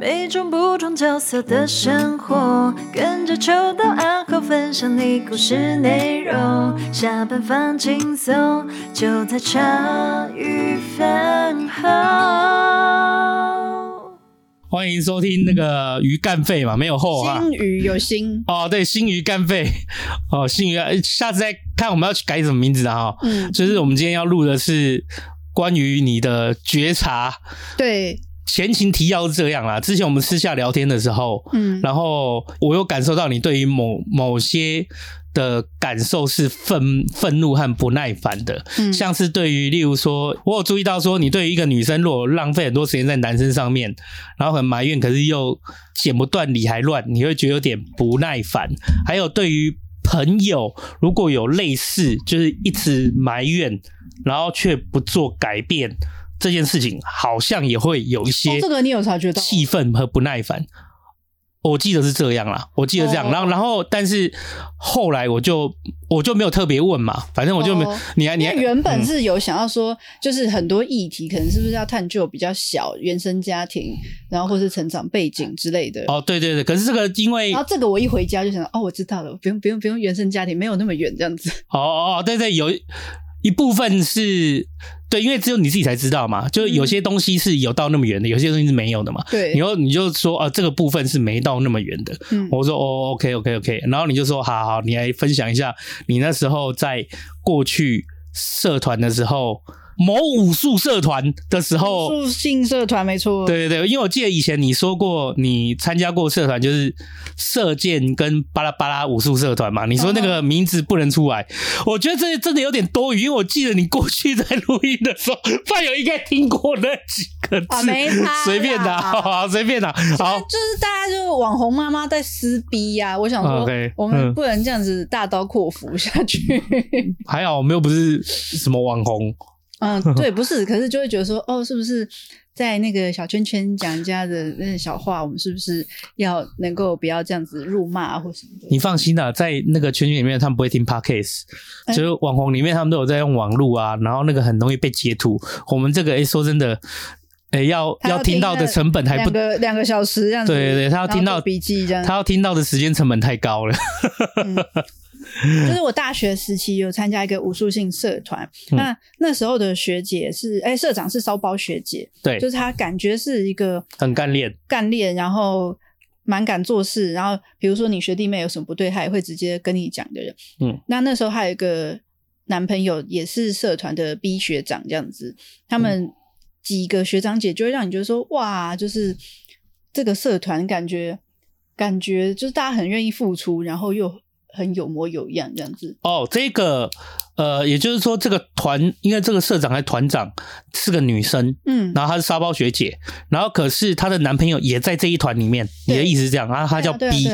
每種不同角色的生活，跟着抽到暗號，分享你故事內容。下班放輕鬆，就在茶餘飯後。歡迎收聽那個魚淦廢嘛，沒有後啊，心魚有心哦，對，心魚淦廢哦，心魚，下次再看我們要去改什麼名字啊？嗯，就是我們今天要錄的是關於你的覺察。對。前情提要是這樣啦。之前我們私下聊天的時候，嗯，然後我有感受到你對於某某些的感受是憤憤怒和不耐煩的，嗯，像是對於例如說，我有注意到說，你對於一個女生如果浪費很多時間在男生上面，然後很埋怨，可是又剪不斷理還亂，你會覺得有點不耐煩。還有對於朋友，如果有類似就是一直埋怨，然後卻不做改變。這件事情好像也會有一些、哦，這個你有察覺到氣憤和不耐煩。哦、我記得是這樣啦，我記得這樣，然後、哦、然後，但是後來我就我就沒有特別問嘛，反正我就沒。哦、你還你還原本是有想要說，嗯、就是很多議題，可能是不是要探究比較小原生家庭，然後或是成長背景之類的。哦，對對對，可是這個因為，然後這個我一回家就想，哦，我知道了，不用不用不用，不用，原生家庭沒有那麼遠這樣子。哦哦，對對有。一部分是對，因為只有你自己才知道嘛。就有些東西是有到那麼遠的，嗯、有些東西是沒有的嘛。對，然後你，你就說啊，這個部分是沒到那麼遠的。嗯，我說哦，OK，OK，OK，okay, okay, okay. 然後你就說好好，你來分享一下你那時候在過去社團的時候。某武術社團的時候，武術性社團沒錯。對對對，因為我記得以前你說過，你參加過社團，就是射箭跟巴拉巴拉武術社團嘛。你說那個名字不能出來，嗯、我覺得這真的有點多餘，因為我記得你過去在錄音的時候，飯友應該聽過那幾個字。啊，沒啦隨便的，隨便的，好，隨便啊、好，其實就是大家就是網紅媽媽在撕逼呀、啊。我想說，我們不能這樣子大刀闊斧下去。嗯嗯、還好我們又不是什麼網紅。嗯，對，不是，可是就會覺得說，哦，是不是在那個小圈圈講人家的那個小話，我們是不是要能夠不要這樣子辱罵、啊、或什麼？你放心啦、啊，在那個圈圈裡面，他們不會聽 Podcast，就是網紅裡面，他們都有在用網路啊，然後那個很容易被截圖。我們這個，誒說真的。哎、欸，要要聽到的成本還不高，兩個兩個小時這樣子。對，對對，他要聽到筆記這樣，他要聽到的時間成本太高了、嗯。 就是我大學時期有參加一個武術性社團，嗯、那那時候的學姐是哎、欸，社長是燒包學姐，對，就是他感覺是一個很幹練、幹練，然後蠻敢做事，然後比如說你學弟妹有什麼不對，他也會直接跟你講的人。嗯，那那時候還有一個男朋友也是社團的 B 學長這樣子，他們、嗯。幾個學長姐就會讓你覺得說哇，就是這個社團感覺感覺就是大家很願意付出，然後又很有模有樣這樣子。哦，這個呃，也就是說這個團，因為這個社長還團長是個女生，嗯，然後她是沙包學姐，然後可是她的男朋友也在這一團裡面。對你的意思是這樣啊？她叫 B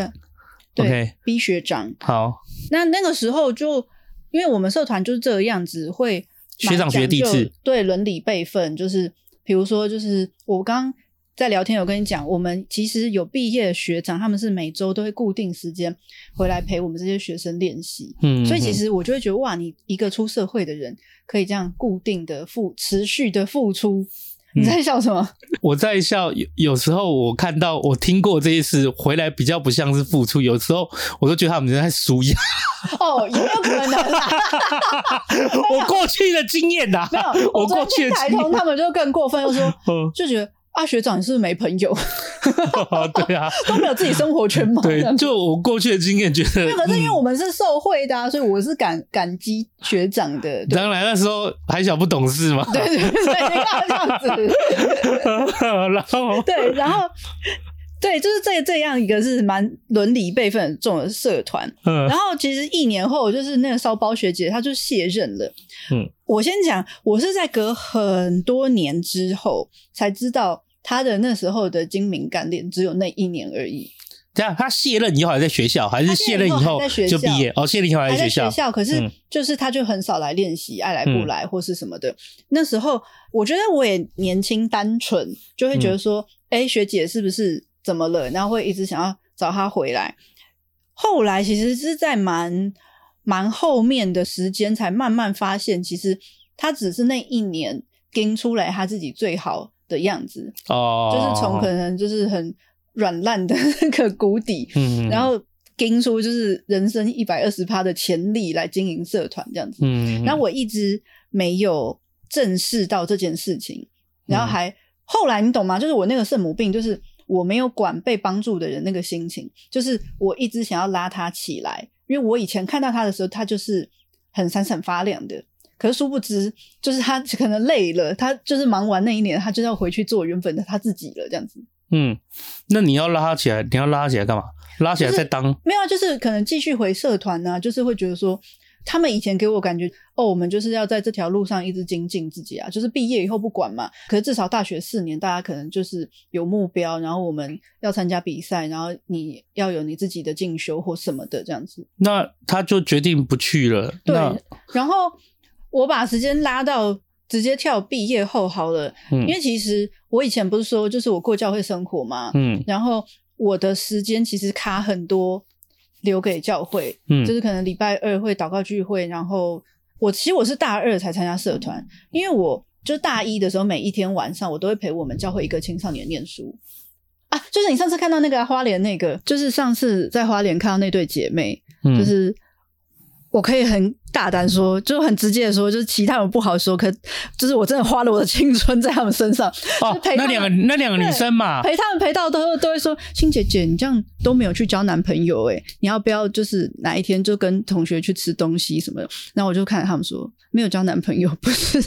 對 B 學長。好，那那個時候就因為我們社團就是這個樣子會。學長學弟制、對倫理輩分，就是比如說，就是我剛在聊天，有跟你講，我們其實有畢業的學長，他們是每周都會固定時間回來陪我們這些學生練習，嗯哼，所以其實我就會覺得，哇，你一個出社會的人，可以這樣固定的付，持續的付出。你在笑什麼？我在笑有，有時候我看到我聽過這些事回來，比較不像是付出。有時候我都覺得他們人在輸一樣。哦，有沒有可能？我過去的經驗吶，沒有，我過去的經驗，台通，他們就更過分，就說、嗯、就覺得。啊，學長，你是不是沒朋友？對啊，都沒有自己生活圈嗎？對，就我過去的經驗，覺得那可是因為我們是受惠的，啊，嗯、所以我是感感激學長的。當然那時候還小，不懂事嘛。對對對， 這樣子。然後，對，然後，對，就是這這樣一個是蠻倫理輩分的重的社團。嗯，然後其實一年後，就是那個燒包學姐她就卸任了。嗯，我先講，我是在隔很多年之後才知道。他的那時候的精明幹練只有那一年而已。這樣他卸任以後還在學校，還是卸任以後就畢業哦？卸任以後還在學校，學校可是就是他就很少來練習，愛來不來或是什麼的。嗯、那時候我覺得我也年輕單純，就會覺得說，哎、嗯，學姐是不是怎麼了？然後會一直想要找他回來。後來其實是在蠻蠻後面的時間，才慢慢發現，其實他只是那一年跟出來他自己最好，的樣子，oh. 就是從可能就是很軟爛的那個谷底，mm hmm. 然後經出就是人生一百二十趴的潛力來經營社團這樣子。嗯、mm，hmm. 然後我一直沒有正視到這件事情，然後還、mm hmm. 後來你懂嗎？就是我那個聖母病，就是我沒有管被幫助的人那個心情，就是我一直想要拉他起來，因為我以前看到他的時候，他就是很閃閃發亮的。可是，殊不知，就是他可能累了，他就是忙完那一年，他就要回去做原本的他自己了，這樣子。嗯，那你要拉他起來，你要拉他起來幹嘛？拉起來再當？就是、沒有、啊，就是可能繼續回社團呢、啊，就是會覺得說，他們以前給我感覺，哦，我們就是要在這條路上一直精進自己啊，就是畢業以後不管嘛。可是至少大學四年，大家可能就是有目標，然後我們要參加比賽，然後你要有你自己的進修或什麼的這樣子。那他就決定不去了。對，那，然後。我把時間拉到直接跳畢業後好了，因為其實我以前不是說就是我過教會生活嘛，嗯，然後我的時間其實卡很多留給教會，嗯，就是可能禮拜二會禱告聚會，然後我其實我是大二才參加社團，因為我就大一的時候每一天晚上我都會陪我們教會一個青少年念書啊，就是你上次看到那個花蓮那個，就是上次在花蓮看到那對姐妹，就是我可以很。大膽說，就很直接的說，就是其他人不好說，可就是我真的花了我的青春在他們身上，哦、就陪那兩個那兩個女生嘛，陪他們陪到的都都會說，欣姐姐，你這樣都沒有去交男朋友、欸，哎，你要不要就是哪一天就跟同學去吃東西什麼的？然後我就看他們說沒有交男朋友，不是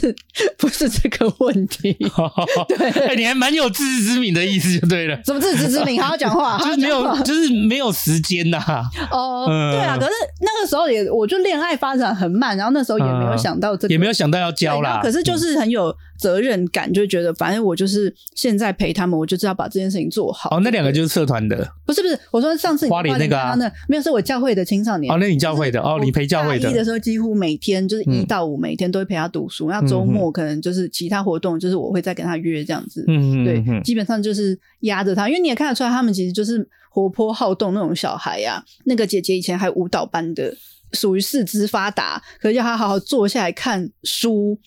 不是這個問題， 對、欸，你還蠻有自知之明的意思就對了，什麼自知之明？好好講話， 就是沒有，就是沒有時間吶、啊。哦、呃，對啊，可是那個時候也我就戀愛發展。很慢，然後那時候也沒有想到這個，嗯、也沒有想到要教啦。可是就是很有責任感，嗯、就覺得反正我就是現在陪他們，嗯、我就知道把這件事情做好。哦，那兩個就是社團的，不是不是，我說上次你的花蓮那個啊那，沒有，是我教會的青少年。哦，那你教會的哦，你陪教會的的時候，幾乎每天就是一到五，每天都會陪他讀書。嗯、那周末可能就是其他活動，就是我會再跟他約這樣子。嗯，嗯，嗯，嗯，對，基本上就是壓着他，因為你也看得出來，他們其實就是活潑好動那種小孩呀、啊。那個姐姐以前還有舞蹈班的。屬於四肢發達，可是要他好好好坐下來看書，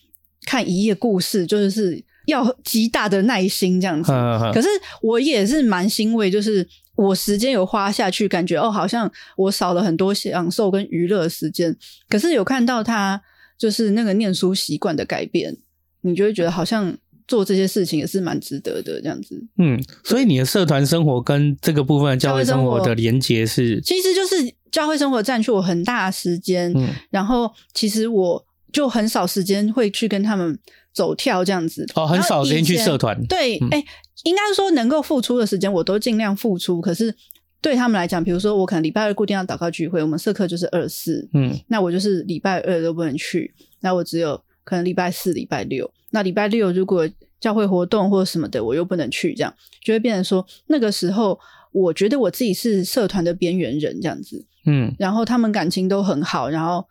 看一頁故事，就是是要極大的耐心這樣子。可是我也是蠻欣慰，就是我時間有花下去，感覺哦，好像我少了很多享受跟娛樂時間。可是有看到他就是那個念書習慣的改變，你就會覺得好像。做這些事情也是蠻值得的，這樣子。嗯，所以你的社團生活跟這個部分的教會生活的連結是，其實就是教會生活佔據我很大的時間，嗯、然後其實我就很少時間會去跟他們走跳這樣子。嗯、哦，很少時間去社團。對，哎、嗯欸，應該說能夠付出的時間，我都盡量付出。可是對他們來講，比如說我可能禮拜二固定要禱告聚會，我們社課就是二四，嗯，那我就是禮拜二都不能去，那我只有。可能禮拜四、禮拜六，那禮拜六如果教會活動或什麼的，我又不能去，這樣就會變成說，那個時候我覺得我自己是社團的邊緣人，這樣子。嗯，然後他們感情都很好，然後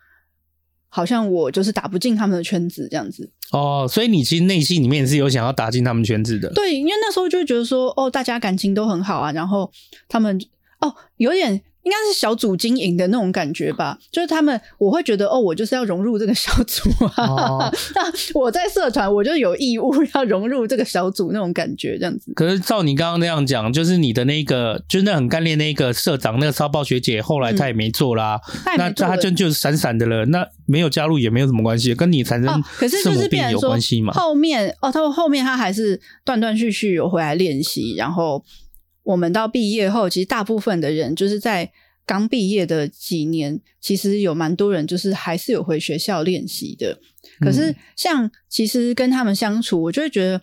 好像我就是打不進他們的圈子，這樣子。哦，所以你其實內心裡面是有想要打進他們圈子的。對，因為那時候就覺得說，哦，大家感情都很好啊，然後他們，哦，有點。應該是小組經營的那種感覺吧，就是他們，我會覺得哦，我就是要融入這個小組啊。哦、 那我在社團，我就有義務要融入這個小組那種感覺，這樣子。可是照你剛剛那樣講，就是你的那個，就是那很幹練那個社長，那個騷包學姐，後來她也沒做啦。嗯、他做那她真就閃閃的了，那沒有加入也沒有什麼關係，跟你產生，生病，哦、可是就是有關係嘛。後面哦，他後面他還是斷斷續續有回來練習，然後。我們到畢業後，其實大部分的人就是在剛畢業的幾年，其實有蠻多人就是還是有回學校練習的。可是像其實跟他們相處，我就會覺得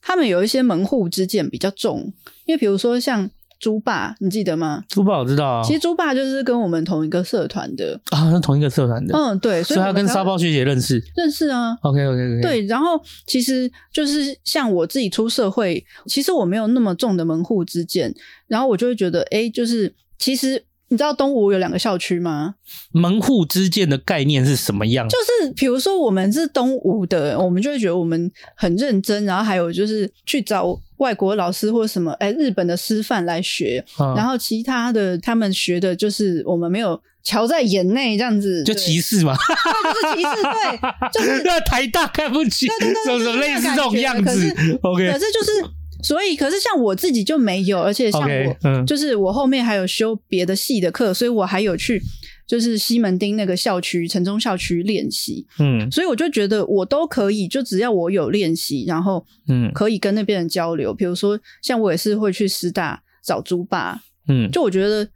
他們有一些門戶之見比較重，因為比如說像。豬爸，你記得嗎？豬爸，我知道啊。其實豬爸就是跟我們同一個社團的啊，同一個社團的。嗯，對，所以他跟沙包學姐認識，認識啊。OK，OK，OK okay, okay, okay。對，然後其實就是像我自己出社會，其實我沒有那麼重的門戶之見，然後我就會覺得，哎、欸，就是其實。你知道東吳有兩個校區嗎？門戶之見的概念是什麼樣？就是比如說，我們是東吳的，我們就會覺得我們很認真，然後還有就是去找外國老師或什麼，哎、欸，日本的師範來學，嗯、然後其他的他們學的就是我們沒有瞧在眼內這樣子，就歧視嘛？對、 哦，是歧視，對，就是 那台大看不起，對對，對什麼什麼類似這種樣子？OK，反正就是。 所以，可是像我自己就沒有，而且像我，okay, 嗯、就是我後面還有修別的系的課，所以我還有去就是西門町那個校區、城中校區練習。嗯，所以我就覺得我都可以，就只要我有練習，然後嗯，可以跟那邊人交流。嗯、比如說，像我也是會去師大找豬爸，嗯，就我覺得。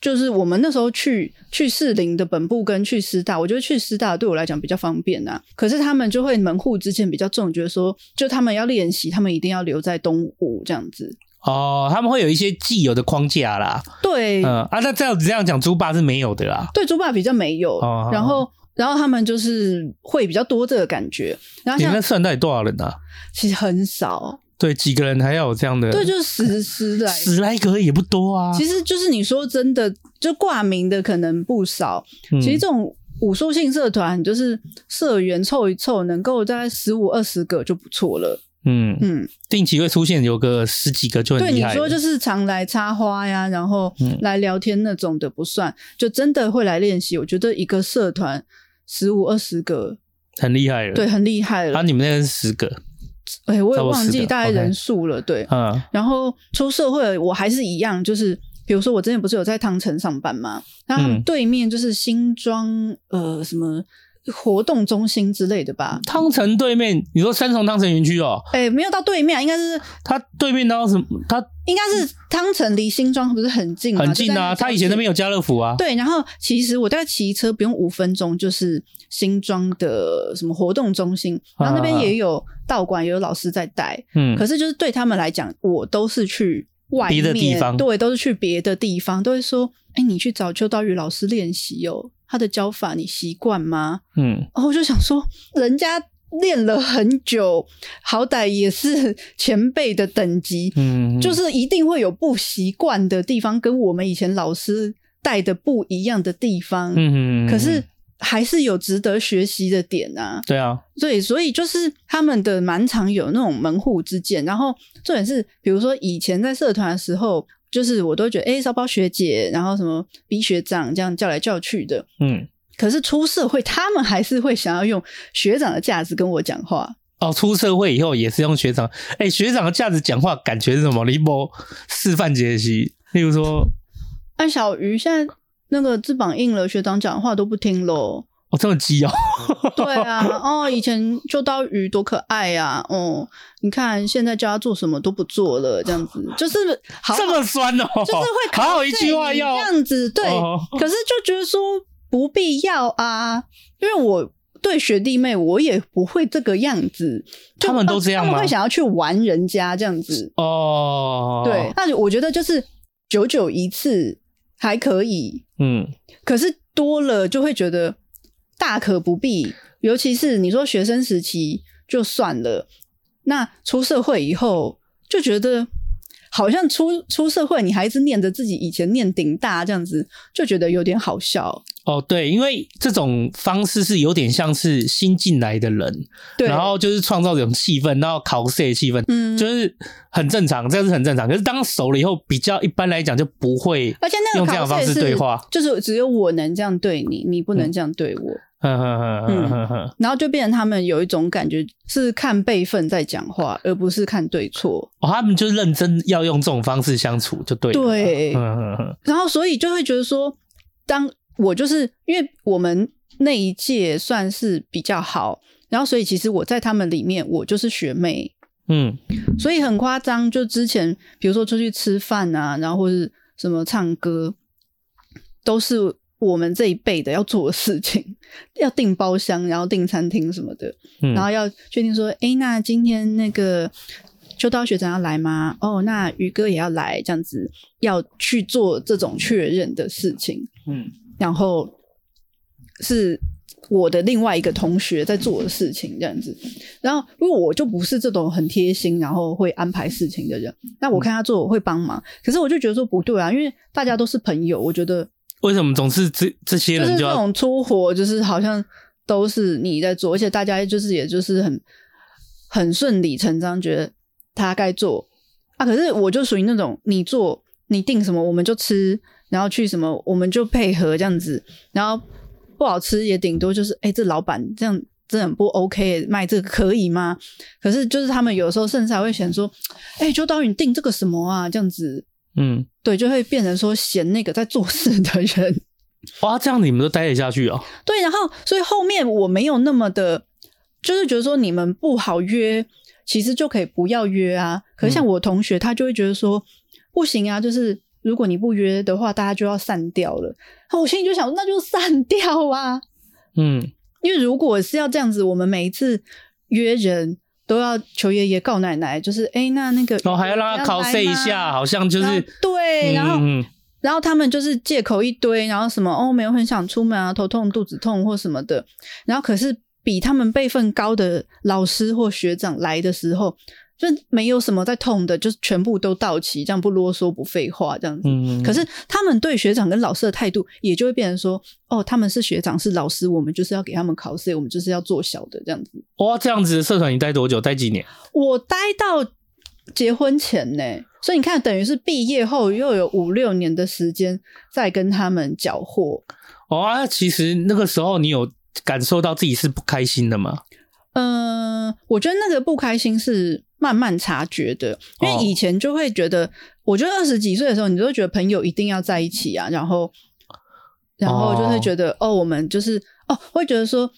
就是我們那時候去去士林的本部跟去師大，我覺得去師大對我來講比較方便啊，可是他們就會門戶之見比較重，覺得說就他們要練習，他們一定要留在東吳這樣子。哦，他們會有一些既有的框架啦。對、嗯，啊，那這樣子這樣講，豬爸是沒有的啦。對，豬爸比較沒有。哦、然後，哦、然後他們就是會比較多這個感覺。你們、欸、那社團到底多少人啊？其實很少。對，幾個人還要有這樣的，對，就十十來，十來個也不多啊。其實就是你說真的，就掛名的可能不少。嗯、其實這種武術性社團，就是社員湊一湊，能夠在十五二十個就不錯了。嗯嗯，嗯定期會出現有個十幾個就會對你說，就是常來插花呀，然後來聊天那種的不算，嗯、就真的會來練習。我覺得一個社團十五二十個很厲害了，對，很厲害了。啊，你們那是十個。哎、欸，我也忘記大概人數了，對，嗯、然後出社會我還是一樣，就是比如說我之前不是有在湯臣上班嗎？然後對面就是新莊、嗯、呃什麼。活動中心之類的吧，湯城對面，你說三重湯城園區哦？哎、欸，沒有到對面，啊，應該是他對面到什麼？他應該是湯城離新莊不是很近嗎、啊？很近啊。他以前那邊有家樂福啊。對，然後其實我大概騎車不用五分鐘，就是新莊的什麼活動中心，然後那邊也有道館，也有老師在帶。嗯、啊啊啊，可是就是對他們來講，我都是去外面，別的地方對，都是去別的地方，都會說，哎、欸，你去找秋刀魚老師練習哦。他的教法，你習慣嗎？嗯，然後、哦、我就想說，人家練了很久，好歹也是前輩的等級，嗯，嗯，就是一定會有不習慣的地方，跟我們以前老師帶的不一樣的地方，嗯，嗯，嗯，嗯，可是還是有值得學習的點啊，對啊，對，所以，所以就是他們的蠻常有那種門戶之見，然後重點是，比如說以前在社團的時候。就是我都覺得哎，燒包學姐，然後什麼 B 學長這樣叫來叫去的，嗯。可是出社會，他們還是會想要用學長的架子跟我講話。哦，出社會以後也是用學長，誒，學長的架子講話，感覺是什麼？一波示範解析，例如說，啊，小魚現在那個翅膀硬了，學長講話都不聽嘍。哦，這麼雞哦！ 對啊，哦，以前就刀魚多可愛呀，啊！哦，嗯，你看現在叫他做什麼都不做了，這樣子就是好好這麼酸哦，就是會考好好一句話要這樣子對。哦，可是就覺得說不必要啊，因為我對學弟妹我也不會這個樣子，他們都這樣嗎，呃，他們會想要去玩人家這樣子哦。對，那我覺得就是久久一次還可以，嗯，可是多了就會覺得。大可不必，尤其是你說學生時期就算了，那出社會以後就覺得好像出出社會，你還是念着自己以前念頂大這樣子，就覺得有點好笑哦。對，因為這種方式是有點像是新進來的人，對。然後就是創造這種氣氛，然後討 C 的氣氛，嗯，就是很正常，這樣是很正常。可是當熟了以後，比較一般來講就不會用這樣的方式，而且那個討 C 對話，就是只有我能這樣對你，你不能這樣對我。嗯 嗯、然後就變成他們有一種感覺是看輩分在講話，而不是看對錯。哦，他們就認真要用這種方式相處就對對， 然後所以就會覺得說，當我就是因為我們那一屆算是比較好，然後所以其實我在他們裡面我就是學妹。嗯，所以很誇張，就之前比如說出去吃飯啊，然後或者什麼唱歌，都是。我們這一輩的要做的事情，要訂包廂，然後訂餐廳什麼的，嗯、然後要確定說，哎、欸，那今天那個秋刀學長要來嗎？哦、oh，那魚哥也要來，這樣子要去做這種確認的事情。嗯，然後是我的另外一個同學在做的事情，這樣子。然後因為我就不是這種很貼心，然後會安排事情的人。那我看他做，我會幫忙。嗯、可是我就覺得說不對啊，因為大家都是朋友，我覺得。為什麼總是這這些人就要，就是那種粗活，就是好像都是你在做，而且大家就是也就是很很順理成章，覺得他該做啊。可是我就屬於那種，你做，你定什麼，我們就吃，然後去什麼，我們就配合這樣子。然後不好吃，也頂多就是，哎、欸，這老闆這樣這很不 OK，賣這個可以嗎？可是就是他們有時候甚至還會想說，哎、欸，周導演定這個什麼啊，這樣子。嗯，對，就會變成說嫌那個在做事的人，哇，這樣你們都待得下去啊？哦？對，然後所以後面我沒有那麼的，就是覺得說你們不好約，其實就可以不要約啊。可是像我同學，他就會覺得說、嗯、不行啊，就是如果你不約的話，大家就要散掉了。我心裡就想，那就散掉啊，嗯，因為如果是要這樣子，我們每一次約人。都要求爺爺告奶奶，就是哎、欸，那那個，哦，還要讓他考試一下，好像就是對，嗯、然後然後他們就是借口一堆，然後什麼哦，沒有很想出門啊，頭痛、肚子痛或什麼的，然後可是比他們輩分高的老師或學長來的時候。就沒有什麼在痛的，就是全部都到齊，這樣不囉嗦不廢話這樣子。嗯嗯，可是他們對學長跟老師的態度，也就會變成說，哦，他們是學長是老師，我們就是要給他們考試，我們就是要做小的這樣子。哇、哦，這樣子的社團你待多久？待幾年？我待到結婚前呢，所以你看，等於是畢業後又有五六年的時間在跟他們繳貨。那、哦啊、其實那個時候你有感受到自己是不開心的嗎？嗯、呃，我覺得那個不開心是。慢慢察覺的，因為以前就會覺得，哦、我覺得二十幾歲的時候，你就會覺得朋友一定要在一起啊，然後，然後就會覺得哦,哦，我們就是哦，會覺得說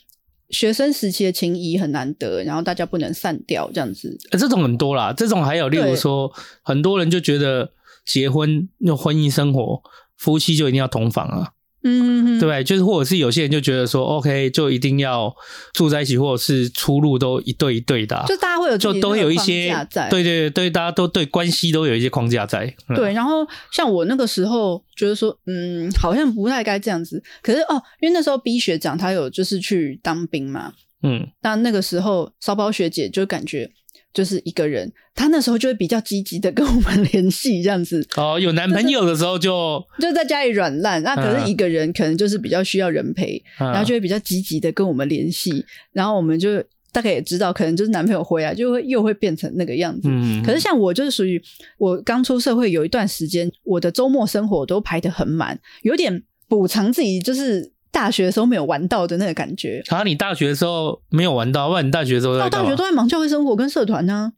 學生時期的情誼很難得，然後大家不能散掉這樣子、欸。這種很多啦，這種還有例如說，對很多人就覺得結婚那婚姻生活，夫妻就一定要同房啊。嗯， 對，就是或者是有些人就覺得說，OK，就一定要住在一起，或者是出路都一對一對的、啊，就大家會有種就都有一些框架在，對，對對對，大家都對關係都有一些框架在。嗯、對，然後像我那個時候覺得說，嗯，好像不太該這樣子，可是哦，因為那時候 B 學長他有就是去當兵嘛，嗯，那那個時候燒包學姐就感覺。就是一個人，他那時候就會比較積極的跟我們聯繫，這樣子。哦，有男朋友的時候就就，就在家裡軟爛。那、嗯啊、可是一個人，可能就是比較需要人陪，嗯、然後就會比較積極的跟我們聯繫。然後我們就大概也知道，可能就是男朋友回來，就會又會變成那個樣子。嗯、哼可是像我就是屬於我剛出社會有一段時間，我的週末生活都排得很滿，有點補償自己就是。大學的時候沒有玩到的那個感覺。啊，你大學的時候沒有玩到，不然你大學的時候到、哦、大學都在忙教會生活跟社團呢、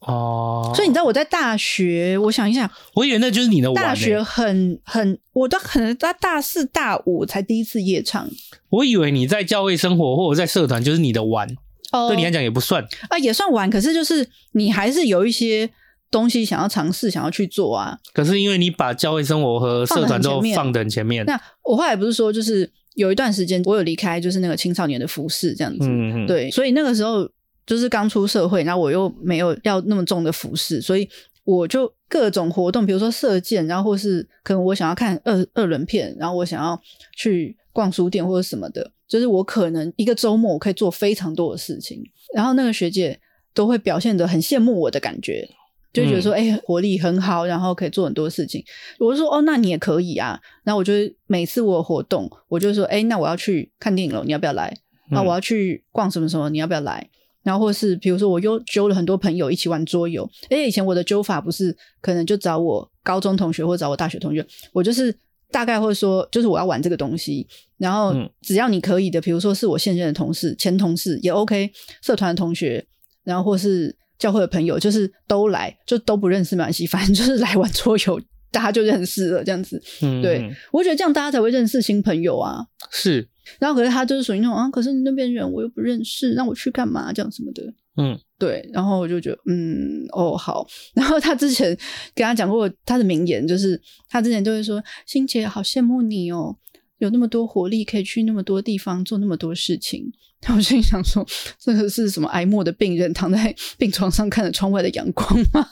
啊。哦，所以你知道我在大學，我想一想，我以為那就是你的玩、欸。大學很很，我都可能在大四大五才第一次夜唱。我以為你在教會生活或者在社團就是你的玩，哦、對你來講也不算啊，也算玩，可是就是你還是有一些。東西想要嘗試，想要去做啊！可是因為你把教會生活和社團都放在前面。前面，那我後來不是說，就是有一段時間我有離開，就是那個青少年的服侍這樣子。嗯嗯。對，所以那個時候就是剛出社會，那我又沒有要那麼重的服侍，所以我就各種活動，比如說射箭，然後或是可能我想要看二二輪片，然後我想要去逛書店或者什麼的，就是我可能一個周末我可以做非常多的事情。然後那個學姐都會表現得很羨慕我的感覺。就覺得說，哎、欸，活力很好，然後可以做很多事情。嗯、我就說，哦，那你也可以啊。然後，我就每次我活動，我就說，哎、欸，那我要去看電影了，你要不要來？那、嗯啊、我要去逛什麼什麼，你要不要來？然後，或是比如說，我又揪了很多朋友一起玩桌遊。哎、欸，以前我的揪法不是可能就找我高中同學，或找我大學同學。我就是大概會說，就是我要玩這個東西，然後只要你可以的，比如說是我現任的同事、前同事也 OK，社團的同學，然後或是。教會的朋友就是都來，就都不認識滿西，反正就是來玩桌遊，大家就認識了這樣子。嗯，對，我覺得這樣大家才會認識新朋友啊。是，然後可是他就是屬於那種啊，可是你那邊人我又不認識，讓我去幹嘛這樣什麼的。嗯，對。然後我就覺得，嗯，哦，好。然後他之前跟他講過他的名言，就是他之前就會說：“心姐，好羨慕你哦。”有那麼多活力，可以去那麼多地方做那麼多事情。我心想說，這個是什麼癌末的病人躺在病床上看着窗外的陽光嗎？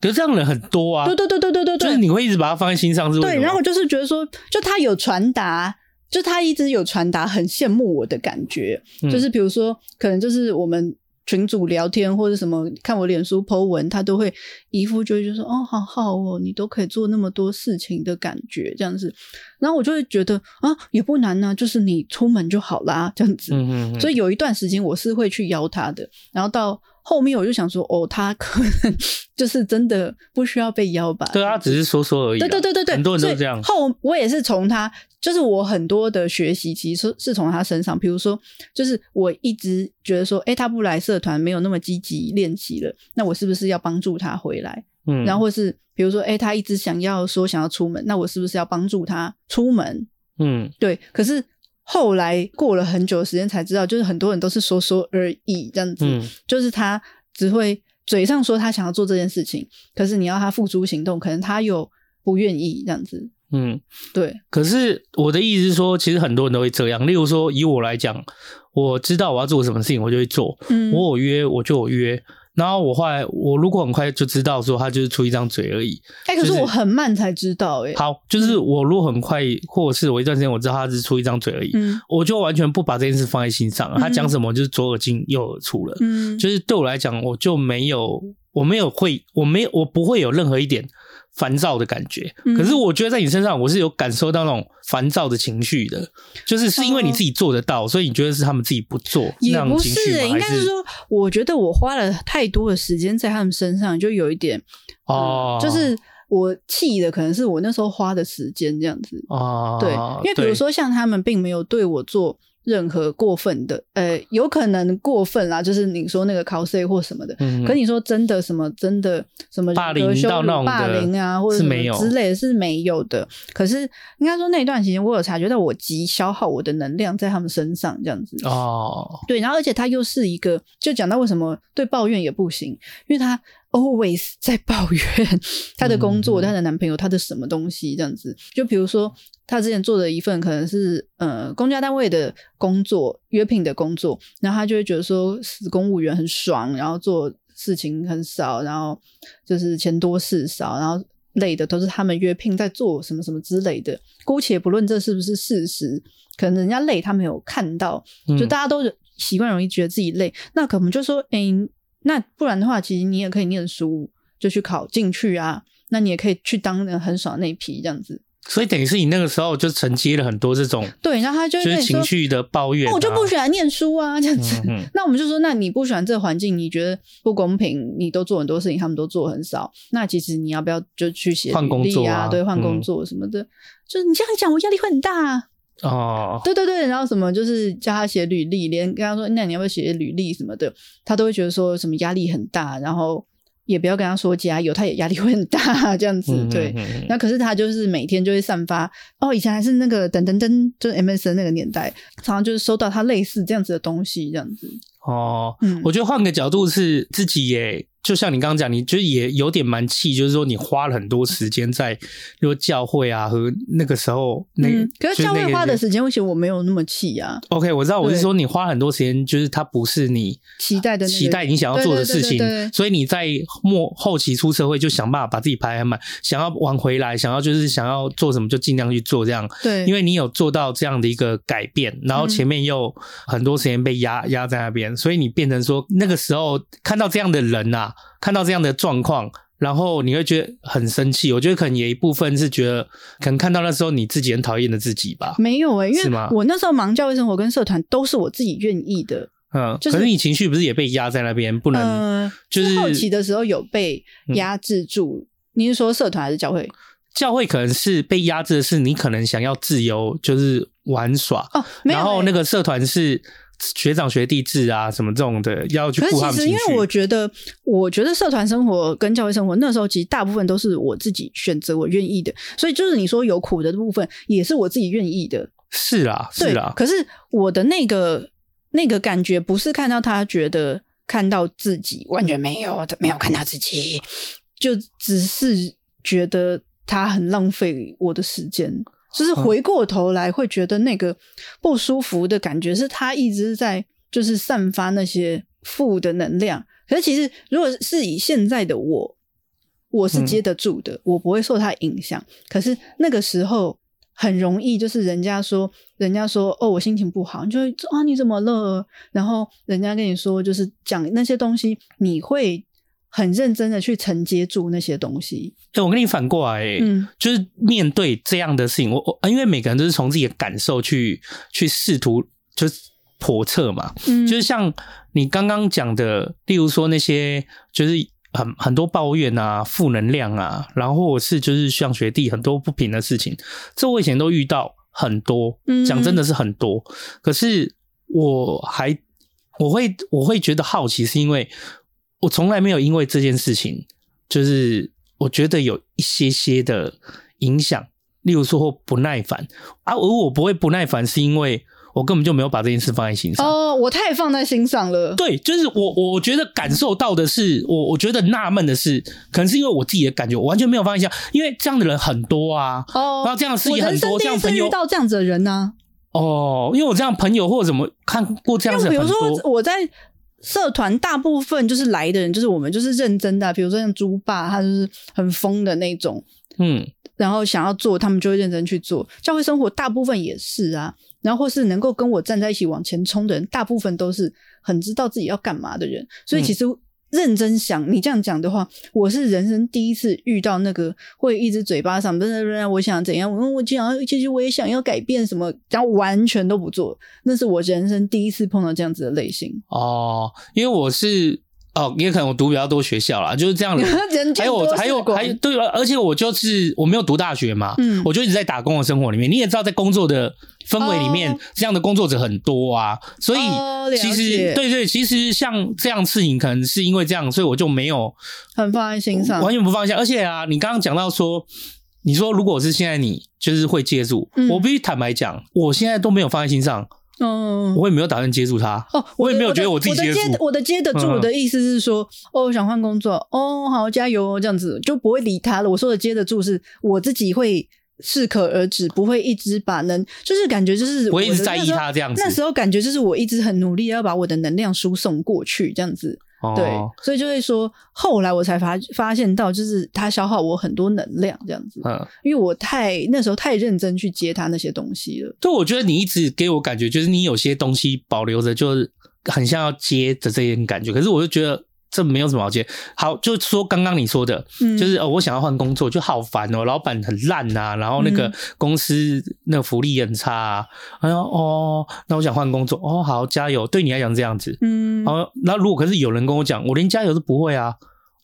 可是 這樣的人很多啊， 對對對對對對，就是你會一直把他放在心上是，是吧？對，然後我就是覺得說，就他有傳達，就他一直有傳達很羨慕我的感覺，嗯、就是比如說，可能就是我們。群組聊天或者什麼，看我臉書 PO 文，他都會姨夫，就就說，哦，好好哦，你都可以做那麼多事情的感覺，這樣子。然後我就會覺得，啊，也不難呢，啊，就是你出門就好啦，這樣子。嗯嗯嗯，所以有一段時間我是會去邀他的，然後到。後面我就想說，哦，他可能就是真的不需要被邀吧。對，他只是說說而已。對對對對對，很多人都這樣。後我也是從他，就是我很多的學習，其實是從他身上。比如說，就是我一直覺得說，欸，他不來社團，沒有那麼積極練習了，那我是不是要幫助他回來？嗯，然後或是比如說，欸，他一直想要說想要出門，那我是不是要幫助他出門？嗯，對。可是。後來過了很久的時間才知道，就是很多人都是說說而已這樣子，嗯，就是他只會嘴上說他想要做這件事情，可是你要他付諸行動，可能他又不願意這樣子。嗯，對。可是我的意思是說，其實很多人都會這樣。例如說，以我來講，我知道我要做什麼事情，我就會做。嗯，我有約，我就有約。嗯。然後我後來，我如果很快就知道說他就是出一張嘴而已，哎，可是我很慢才知道，哎，好，就是我如果很快，或者是我一段時間我知道他是出一張嘴而已，嗯，我就完全不把這件事放在心上了，他講什麼就是左耳進右耳出了，嗯，就是對我來講，我就沒有，我沒有會，我沒有，我不會有任何一點。煩躁的感覺，可是我覺得在你身上，我是有感受到那種煩躁的情緒的，嗯、就是是因為你自己做得到，所以你覺得是他們自己不做那情，也不是、欸，是應該是說，我覺得我花了太多的時間在他們身上，就有一點哦，嗯啊、就是我氣的，可能是我那時候花的時間這樣子哦。啊、對，因為比如說像他們並沒有對我做。任何過分的，呃，有可能過分啦，就是你說那個 cosplay 或什麼的，嗯嗯，可是你說真的什麼真的什麼霸凌到那種的霸凌啊，或者什麼之類的是沒有，是沒有的。可是應該說那段時間，我有察覺到我極消耗我的能量在他們身上這樣子。哦，對，然後而且他又是一個，就講到為什麼對抱怨也不行，因為他 always 在抱怨他的工作、嗯嗯、他的男朋友、他的什麼東西這樣子，就比如說。他之前做的一份可能是呃公家單位的工作，約聘的工作，然後他就會覺得說，死公務員很爽，然後做事情很少，然後就是錢多事少，然後累的都是他們約聘在做什麼什麼之類的。姑且不論這是不是事實，可能人家累他沒有看到，嗯、就大家都習慣容易覺得自己累。那可能就說，哎、欸，那不然的話，其實你也可以念書，就去考進去啊。那你也可以去當人很爽那批這樣子。所以等於是你那個時候就承接了很多這種、啊、對，然後他就就是情緒的抱怨，那、哦、我就不喜歡念書啊這樣子。嗯嗯、那我們就說，那你不喜歡這個環境，你覺得不公平，你都做很多事情，他們都做很少。那其實你要不要就去寫換、啊、工作啊，對，換工作什麼的。嗯、就是你這樣講，我壓力會很大啊。哦、對對對，然後什麼就是叫他寫履歷，連跟他說那你要不要寫履歷什麼的，他都會覺得說什麼壓力很大，然後。也不要跟他說加油，他也壓力會很大，這樣子。對，嗯嗯、那可是他就是每天就會散發。嗯、哦，以前還是那個噔噔噔，就是 MSN 那個年代，常常就是收到他類似這樣子的東西，這樣子。哦，嗯、我覺得換個角度是自己耶。就像你剛剛講，你就也有點蠻氣，就是說你花了很多時間在，比如教會啊和那個時候那、嗯，可是教會是、那個、花的時間，為什麼我沒有那麼氣啊。OK，我知道，我是說你花很多時間，對就是它不是你期待的、期待你想要做的事情，所以你在末後期出社會就想辦法把自己排很滿，想要往回來，想要就是想要做什麼就盡量去做這樣。對，因為你有做到這樣的一個改變，然後前面又很多時間被壓壓在那邊，嗯、所以你變成說那個時候看到這樣的人啊。看到這樣的狀況，然後你會覺得很生氣。我覺得可能有一部分是覺得，可能看到那時候你自己很討厭的自己吧。沒有誒、欸，是嗎？因為我那時候忙教會生活跟社團都是我自己願意的。嗯，就是、可是你情緒不是也被壓在那邊，不能、呃、就是好奇的時候有被壓制住？嗯、你是說社團還是教會？教會可能是被壓制的是你可能想要自由，就是玩耍哦。欸、然後那個社團是。學長學弟制啊，什麼這種的要去顧他們。可是其實，因為我覺得，我覺得社團生活跟教育生活那時候，其實大部分都是我自己選擇，我願意的。所以就是你說有苦的部分，也是我自己願意的。是啦，是啦。可是我的那個那個感覺，不是看到他覺得看到自己完全沒有，沒有看到自己，就只是覺得他很浪費我的時間。就是回過頭來會覺得那個不舒服的感覺，嗯、是他一直在就是散發那些負的能量。可是其實如果是以現在的我，我是接得住的，嗯、我不會受他影響。可是那個時候很容易，就是人家說，人家說哦我心情不好，你就啊、哦、你怎麼了？然後人家跟你說就是講那些東西，你會。很認真的去承接住那些東西。誒、欸、我跟你反過來、欸，嗯，就是面對這樣的事情，我我因為每個人都是從自己的感受去去試圖就是叵測嘛，嗯，就是像你剛剛講的，例如說那些就是很很多抱怨啊、負能量啊，然後是就是像學弟很多不平的事情，這我以前都遇到很多，講真的是很多。嗯、可是我還我會我會覺得好奇，是因為。我從來沒有因為這件事情，就是我覺得有一些些的影響，例如說或不耐煩啊。而我不會不耐煩，是因為我根本就沒有把這件事放在心上。哦，我太放在心上了。對，就是我，我覺得感受到的是，我我覺得納悶的是，可能是因為我自己的感覺，我完全沒有放在心上。因為這樣的人很多啊，哦，然後這樣的事情很多，這樣朋友遇到這樣子的人呢？啊，哦，因為我這樣朋友或者怎麼看過這樣子很多。比如說我在。社團大部分就是來的人，就是我們，就是認真的啊。比如說像豬爸，他就是很瘋的那種，嗯，然後想要做，他們就會認真去做。教會生活大部分也是啊，然後或是能夠跟我站在一起往前衝的人，大部分都是很知道自己要幹嘛的人，所以其實，嗯。認真想，你這樣講的話，我是人生第一次遇到那個會一直嘴巴上，我想怎樣，我跟我講，其實我也想要改變什麼，然後完全都不做，那是我人生第一次碰到這樣子的類型。哦，因為我是哦，也可能我讀比較多學校啦，就是這樣的。還有，還有，還有，對，而且我就是我沒有讀大學嘛，嗯，我就一直在打工的生活裡面，你也知道，在工作的。氛圍裡面，這樣的工作者很多啊，哦、所以其實、哦、對對，其實像這樣刺影，可能是因為這樣，所以我就沒有很放在心上，完全不放心。而且啊，你剛剛講到說，你說如果是現在你就是會接住、嗯、我，必須坦白講，我現在都沒有放在心上，嗯，我也沒有打算接住他。哦，我也沒有覺得我自己接住，我的接得住、嗯、我的意思是說，哦，想換工作，哦，好加油這樣子就不會理他了。我說的接得住是，我自己會。適可而止，不會一直把能，就是感覺就是我。我一直在意他這樣子。那時候感覺就是我一直很努力要把我的能量輸送過去這樣子，哦、對，所以就會說後來我才發發現到，就是他消耗我很多能量這樣子，嗯，因為我太那時候太認真去接他那些東西了。對，我覺得你一直給我感覺就是你有些東西保留着，就是很像要接的這種感覺，可是我就覺得。這沒有什麼好接，好，就說剛剛你說的，嗯、就是呃、哦、我想要換工作，就好煩哦，老板很爛啊，然後那個公司那個福利很差、啊，然後、嗯哎、哦，那我想換工作，哦，好加油，對你來講是這樣子，嗯好，然後那如果可是有人跟我講，我連加油都不會啊，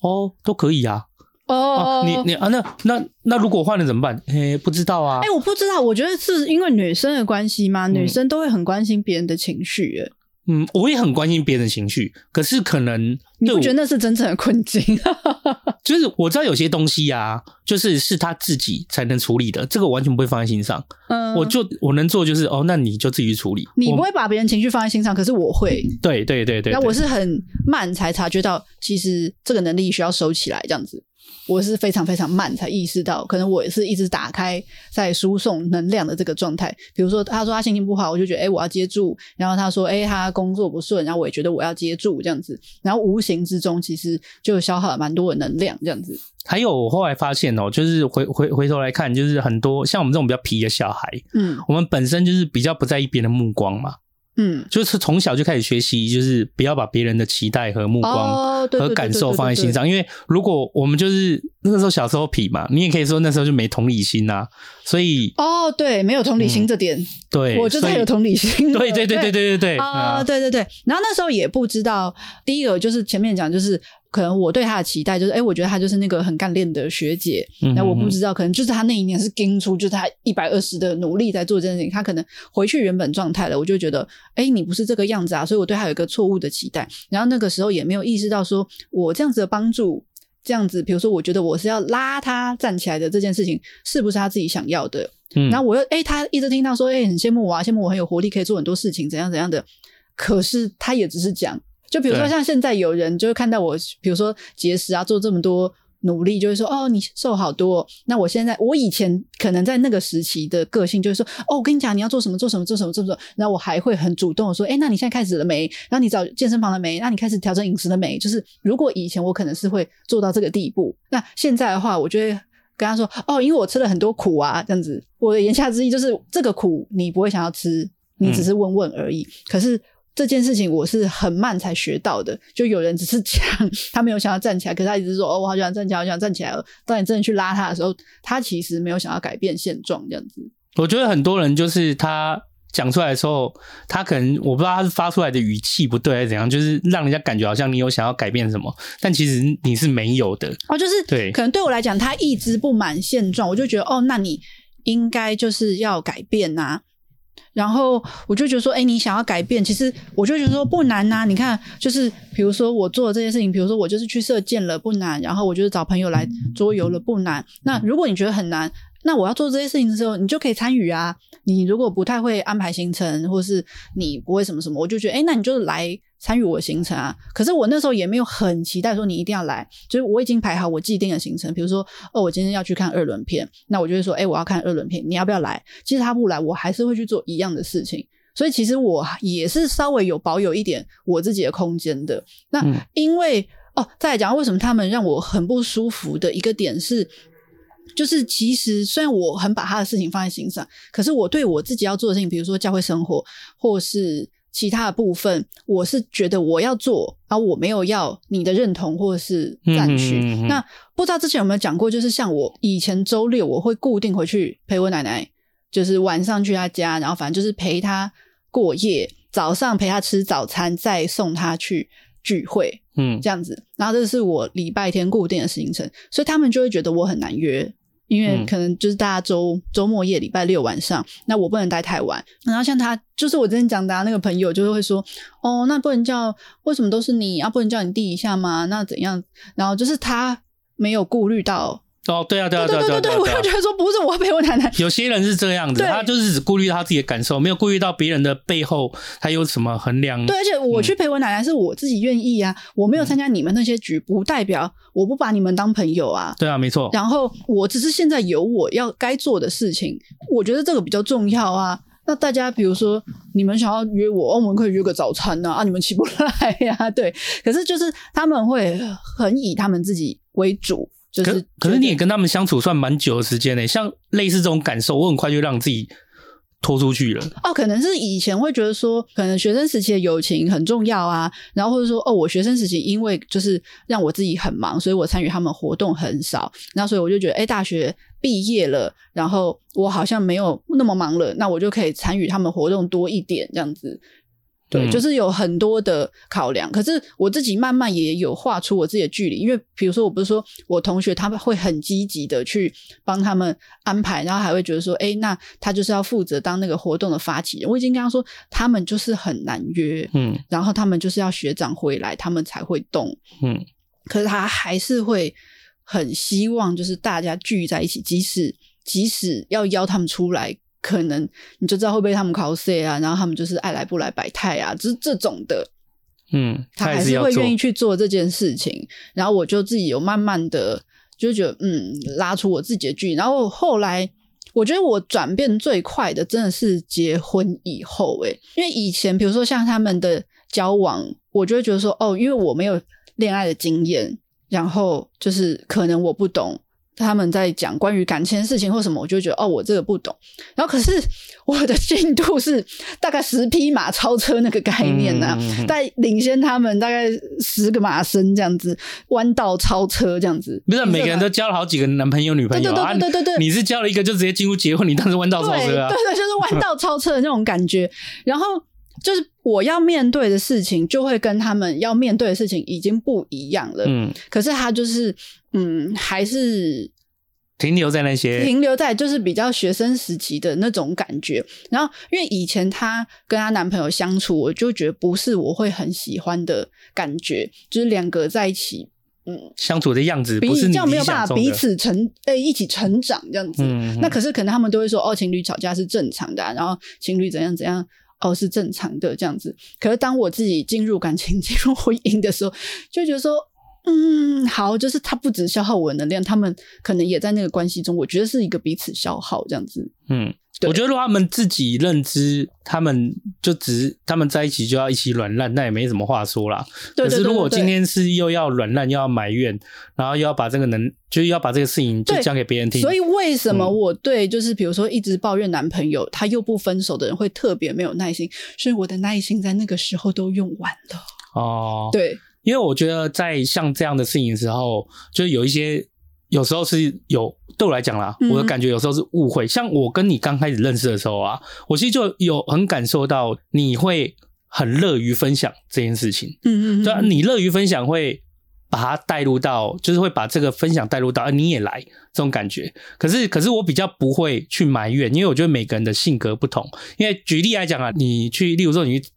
哦，都可以啊，哦，啊、你你啊，那那那如果換了怎麼辦？嘿，不知道啊，哎，我不知道，我覺得是因為女生的關係嗎？女生都會很關心別人的情緒，嗯，我也很關心別人的情緒，可是可能我你不覺得那是真正的困境？哈哈哈，就是我知道有些東西啊，就是是他自己才能處理的，這個我完全不會放在心上。嗯，我就我能做就是哦，那你就自己去處理。你不會把別人情緒放在心上，可是我會。嗯，對，對對對對。那我是很慢才察覺到，其實這個能力需要收起來，這樣子。我是非常非常慢才意識到，可能我也是一直打開在輸送能量的這個狀態。比如說，他說他心情不好，我就覺得誒、哎、我要接住；然後他說誒、哎、他工作不順，然後我也覺得我要接住這樣子。然後無形之中，其實就消耗了蠻多的能量這樣子。還有我後來發現哦，就是回回回頭來看，就是很多像我們這種比較皮的小孩，嗯，我們本身就是比較不在意別人的目光嘛。嗯，就是從小就開始學習，就是不要把別人的期待和目光和感受放在心上，因為如果我們就是那個時候小時候皮嘛，你也可以說那時候就沒同理心吶，所以，哦，對，沒有同理心這點，對，我就是有同理心，對對對對對對對啊對對對，然後那時候也不知道，第一個就是前面講就是。可能我對他的期待就是，哎、欸，我覺得他就是那個很幹練的學姐。那、嗯、我不知道，可能就是他那一年是跟出，就是他一百二十的努力在做這件事情。他可能回去原本狀態了，我就覺得，哎、欸，你不是這個樣子啊。所以我對他有一個錯誤的期待。然後那個時候也沒有意識到說，說我這樣子的幫助，這樣子，比如說，我覺得我是要拉他站起來的這件事情，是不是他自己想要的？嗯。然後我又，哎、欸，他一直聽到說，哎、欸，很羨慕我、啊，羨慕我很有活力，可以做很多事情，怎樣怎樣的。可是他也只是講。就比如說，像現在有人就會看到我，對比如說節食啊，做這麼多努力，就會說：“哦，你瘦好多。”那我現在，我以前可能在那個時期的個性就是說：“哦，我跟你講，你要做什麼，做什麼，做什麼，做什麼做。”然後我還會很主動的說：“哎、欸，那你現在開始了沒？那你找健身房了沒？那你開始調整飲食了沒？”就是如果以前我可能是會做到這個地步，那現在的話，我就會跟他說：“哦，因為我吃了很多苦啊，這樣子。”我的言下之意就是，這個苦你不會想要吃，你只是問問而已。嗯、可是。這件事情我是很慢才學到的，就有人只是講，他沒有想要站起來，可是他一直說：“哦，我好想站起來，好想站起來。”當你真的去拉他的時候，他其實沒有想要改變現狀這樣子。我覺得很多人就是他講出來的時候，他可能我不知道他是發出來的語氣不對，還是怎樣，就是讓人家感覺好像你有想要改變什麼，但其實你是沒有的。哦，就是對，可能對我來講，對他一直不滿現狀，我就覺得哦，那你應該就是要改變吶、啊。然後我就覺得說，哎，你想要改變，其實我就覺得說不難吶。你看，就是比如說我做這些事情，比如說我就是去射箭了，不難；然後我就是找朋友來桌遊了，不難。那如果你覺得很難，那我要做這些事情的時候，你就可以參與啊。你如果不太會安排行程，或是你不會什麼什麼，我就覺得，哎，那你就來。參與我行程啊，可是我那時候也沒有很期待說你一定要來，就是我已經排好我既定的行程，比如說哦，我今天要去看二輪片，那我就會說，哎、欸，我要看二輪片，你要不要來？其實他不來，我還是會去做一樣的事情，所以其實我也是稍微有保有一點我自己的空間的。那因為、嗯、哦，再來講為什麼他們讓我很不舒服的一個點是，就是其實雖然我很把他的事情放在心上，可是我對我自己要做的事情，比如說教會生活，或是。其他的部分，我是覺得我要做，然後我沒有要你的認同或者是贊許。嗯嗯嗯嗯，那不知道之前有沒有講過，就是像我以前週六我會固定回去陪我奶奶，就是晚上去她家，然後反正就是陪她過夜，早上陪她吃早餐，再送她去聚會，嗯，嗯，這樣子。然後這是我禮拜天固定的行程，所以他們就會覺得我很難約。因為可能就是大家週週末夜，禮拜六晚上，那我不能待太晚。然後像他，就是我之前講的、啊、那個朋友，就是會說，哦，那不能叫，為什麼都是你，啊，不能叫你弟一下嗎？那怎樣？然後就是他沒有顧慮到。哦，對啊，對啊，對啊對，我就覺得說不是我陪我奶奶，有些人是這樣子，對他就是只顧慮到他自己的感受，沒有顧慮到別人的背後還有什麼衡量？對，而且我去陪我奶奶是我自己願意啊，嗯、我沒有參加你們那些局，不代表我不把你們當朋友啊。對啊，沒錯。然後我只是現在有我要該做的事情，我覺得這個比較重要啊。那大家比如說你們想要約我，哦，我們可以約個早餐啊，啊，你們起不來呀，啊，對。可是就是他們會很以他們自己為主。就是可是，可是你也跟他們相處算蠻久的時間呢？欸，像類似這種感受，我很快就讓自己拖出去了。哦，可能是以前會覺得說，可能學生時期的友情很重要啊，然後或者說，哦，我學生時期因為就是讓我自己很忙，所以我參與他們活動很少，那所以我就覺得，哎，欸，大學畢業了，然後我好像沒有那麼忙了，那我就可以參與他們活動多一點這樣子。對，嗯、就是有很多的考量。可是我自己慢慢也有畫出我自己的距離，因為比如說，我不是說我同學他們會很積極的去幫他們安排，然後還會覺得說，哎、欸，那他就是要負責當那個活動的發起人，我已經跟他說，他們就是很難約，嗯，然後他們就是要學長回來，他們才會動，嗯。可是他還是會很希望，就是大家聚在一起，即使即使要邀他們出來。可能你就知道會不會他們 cos 啊，然後他們就是愛來不來百態啊，就是這種的。嗯，他還是會願意去做這件事情。嗯、然後我就自己有慢慢的就覺得，嗯，拉出我自己的距離。然後後來我覺得我轉變最快的，真的是結婚以後誒、欸，因為以前比如說像他們的交往，我就會覺得說，哦，因為我沒有戀愛的經驗，然後就是可能我不懂。他們在講關於感情的事情或什麼，我就覺得哦，我這個不懂。然後可是我的進度是大概十匹馬超車那個概念呢、啊，在、嗯、領先他們大概十個馬身這樣子，彎道超車這樣子。不是每個人都交了好幾個男朋友女朋友、啊，對對對對對、啊你。你是交了一個就直接進入結婚，你當時彎道超車、啊對，對對，就是彎道超車的那種感覺。 然後就是我要面對的事情，就會跟他們要面對的事情已經不一樣了。嗯，可是他就是。嗯，還是停留在那些，停留在就是比較學生時期的那種感覺。然後，因為以前她跟她男朋友相處，我就覺得不是我會很喜歡的感覺，就是兩個在一起，嗯，相處的樣子不是你的比較沒有辦法彼此成誒、欸、一起成長這樣子。嗯嗯。那可是可能他們都會說，哦，情侶吵架是正常的啊，然後情侶怎樣怎樣，哦，是正常的這樣子。可是當我自己進入感情進入婚姻的時候，就覺得說。嗯，好，就是他不止消耗我的能量，他們可能也在那個關係中，我覺得是一個彼此消耗這樣子。嗯，對我覺得如果他們自己認知，他們就只他們在一起就要一起軟爛，那也沒什麼話說啦。對對。可是如果今天是又要軟爛，又要埋怨，對然後又要把這個能，對就要把這個事情就講給別人聽。所以為什麼我對、嗯、就是比如說一直抱怨男朋友他又不分手的人會特別沒有耐心？所以我的耐心在那個時候都用完了。哦，對。因為我覺得在像這樣的事情的時候，就是有一些有時候是有對我來講啦，嗯、哼我的感覺有時候是誤會。像我跟你剛開始認識的時候啊，我其實就有很感受到你會很樂於分享這件事情。嗯嗯哼，對、啊，你樂於分享會把它帶入到，就是會把這個分享帶入到，啊，你也來這種感覺。可是，可是我比較不會去埋怨，因為我覺得每個人的性格不同。因為舉例來講啊，你去，例如說你去。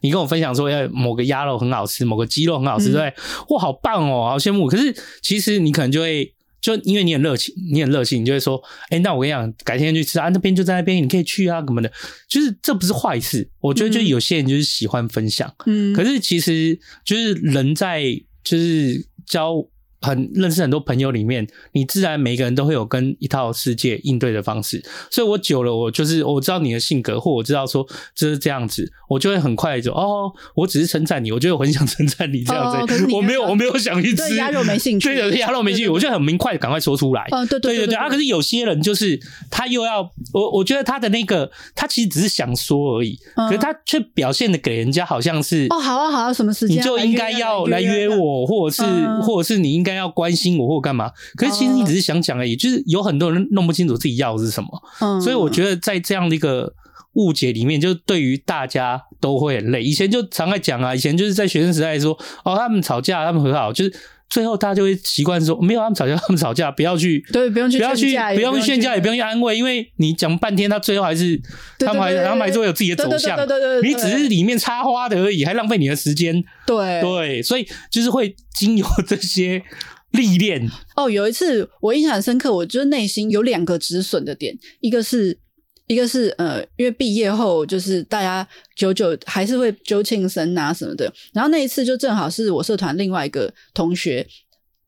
你跟我分享說，哎某個鴨肉很好吃，某個雞肉很好吃，對不對？哇，好棒哦，喔，好羨慕。可是其實你可能就會，就因為你很熱情，你很熱情，你就會說，哎，欸，那我跟你講，改天去吃啊，那邊就在那邊，你可以去啊，什麼的。就是這不是壞事，我覺得就有些人就是喜歡分享，嗯，嗯，嗯，可是其實就是人在就是交。很認識很多朋友裡面，你自然每一個人都會有跟一套世界應對的方式，所以我久了，我就是我知道你的性格，或我知道說就是這樣子，我就會很快就哦，我只是稱讚你，我就會我很想稱讚你這樣子，我沒有我沒有想一直鴨肉沒興趣，對，鴨肉沒興趣，我就很明快的趕快說出來，對對對對啊！可是有些人就是他又要我，我覺得他的那個他其實只是想說而已，可是他卻表現的給人家好像是哦，好啊好啊，什麼事情。你就應該要來約我，或者是或者是你應。該要關心我或幹嘛？可是其實你只是想講而已，就是有很多人弄不清楚自己要的是什麼，所以我覺得在這樣的一個誤解裡面，就對於大家都會很累。以前就常在講啊，以前就是在學生時代說，哦，他們吵架，他們和好，就是。最後，大家就會習慣說：“沒有他們吵架，他們吵架，不要去對，不用去，不要去，不用去勸架，也不用去，不用安慰，因為你講半天，他最後還是對對對對他們還是他們還是會有自己的走向。對對對，對，對，對，你只是裡面插花的而已，對對對對還浪費你的時間。對對，所以就是會經由這些歷練。對，哦，有一次我印象很深刻，我覺得內心有兩個止損的點，一個是。”一個是呃，因為畢業後就是大家久久還是會揪慶生啊什麼的，然後那一次就正好是我社團另外一個同學。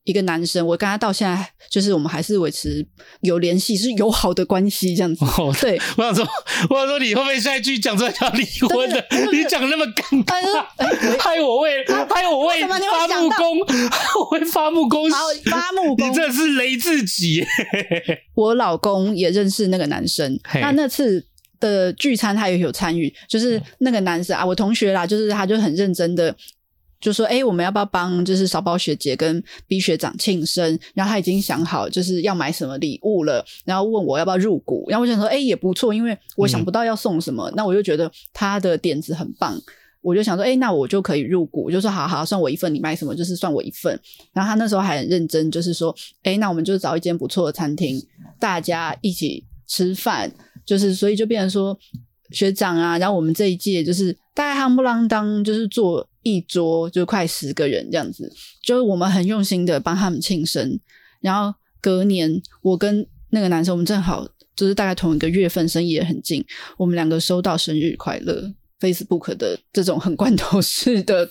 一個男生，我跟他到現在就是我們還是維持有聯繫，是友好的關係這樣子。對、哦、我想說，我想說你會不會下一句講出來要離婚的？ 對你講那麼尷尬，哎、害我為、哎、害我會發、啊、為伐木工，我為发木工发木工，你這是雷自己。我老公也認識那個男生，嘿那那次的聚餐他也有參與，就是那個男生啊，我同學啦，就是他就很認真的。就說：“哎、欸，我們要不要幫？就是少包學姐跟 B 學長慶生？然後他已經想好就是要買什麼禮物了，然後問我要不要入股？然後我想說：哎、欸，也不錯，因為我想不到要送什麼，嗯、那我就覺得他的點子很棒。我就想說：哎、欸，那我就可以入股。我就說：好好，算我一份。你買什麼就是算我一份。然後他那時候還很認真，就是說：哎、欸，那我們就找一間不錯的餐廳，大家一起吃飯。就是所以就變成說學長啊，然後我們這一屆就是大家夯不啷噹，就是做。”一桌就快十個人這樣子，就是我們很用心的幫他們慶生，然後隔年我跟那個男生，我們正好就是大概同一個月份，生日也很近，我們兩個收到生日快樂 Facebook 的這種很罐頭式的。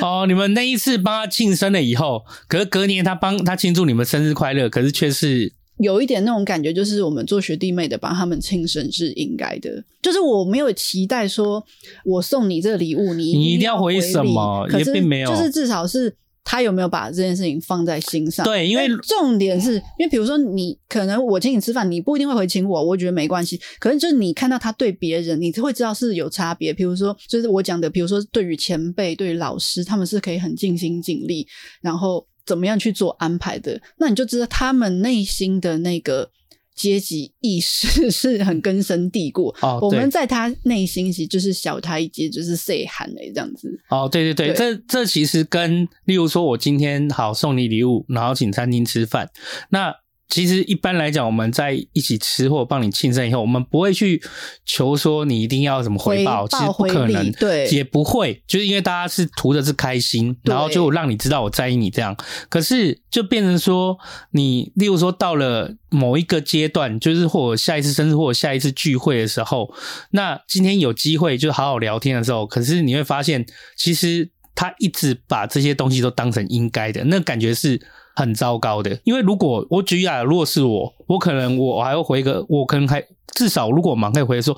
哦，你們那一次幫他慶生了以後，隔隔年他幫他慶祝你們生日快樂，可是卻是。有一點那種感覺，就是我們做學弟妹的幫他們慶生是應該的，就是我沒有期待說我送你這個禮物，你一你一定要回什麼。可是並沒有，是就是至少是他有沒有把這件事情放在心上。對，因為重點是因為，比如說你可能我請你吃飯，你不一定會回請我，我覺得沒關係。可能就是你看到他對別人，你會知道是有差別。比如說，就是我講的，比如說對於前輩、對於老師，他們是可以很盡心盡力，然後。怎麼樣去做安排的？那你就知道他們內心的那個階級意識是很根深蒂固。哦、我們在他內心其實就是小他一階，就是 say hi 這樣子。哦，對對對，對，這這其實跟例如說，我今天好送你禮物，然後請餐廳吃飯，那。其實一般來講，我們在一起吃或幫你慶生以後，我們不會去求說你一定要什麼回報，其實不可能，對，也不會，就是因為大家是圖的是開心，然後就讓你知道我在意你這樣。可是就變成說，你例如說到了某一個階段，就是或者下一次生日或者下一次聚會的時候，那今天有機會就好好聊天的時候，可是你會發現，其實他一直把這些東西都當成應該的，那感覺是。很糟糕的，因為如果我舉啞，如果是我，我可能我還會回個，我可能還至少如果我蠻可以回說。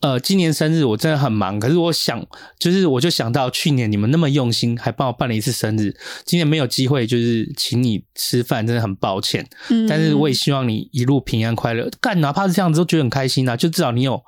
呃，今年生日我真的很忙，可是我想，就是我就想到，去年你們那麼用心，還幫我辦了一次生日，今年沒有機會就是請你吃飯，真的很抱歉。嗯，但是我也希望你一路平安快樂。嗯、幹，哪怕是這樣子都覺得很開心的，啊，就至少你有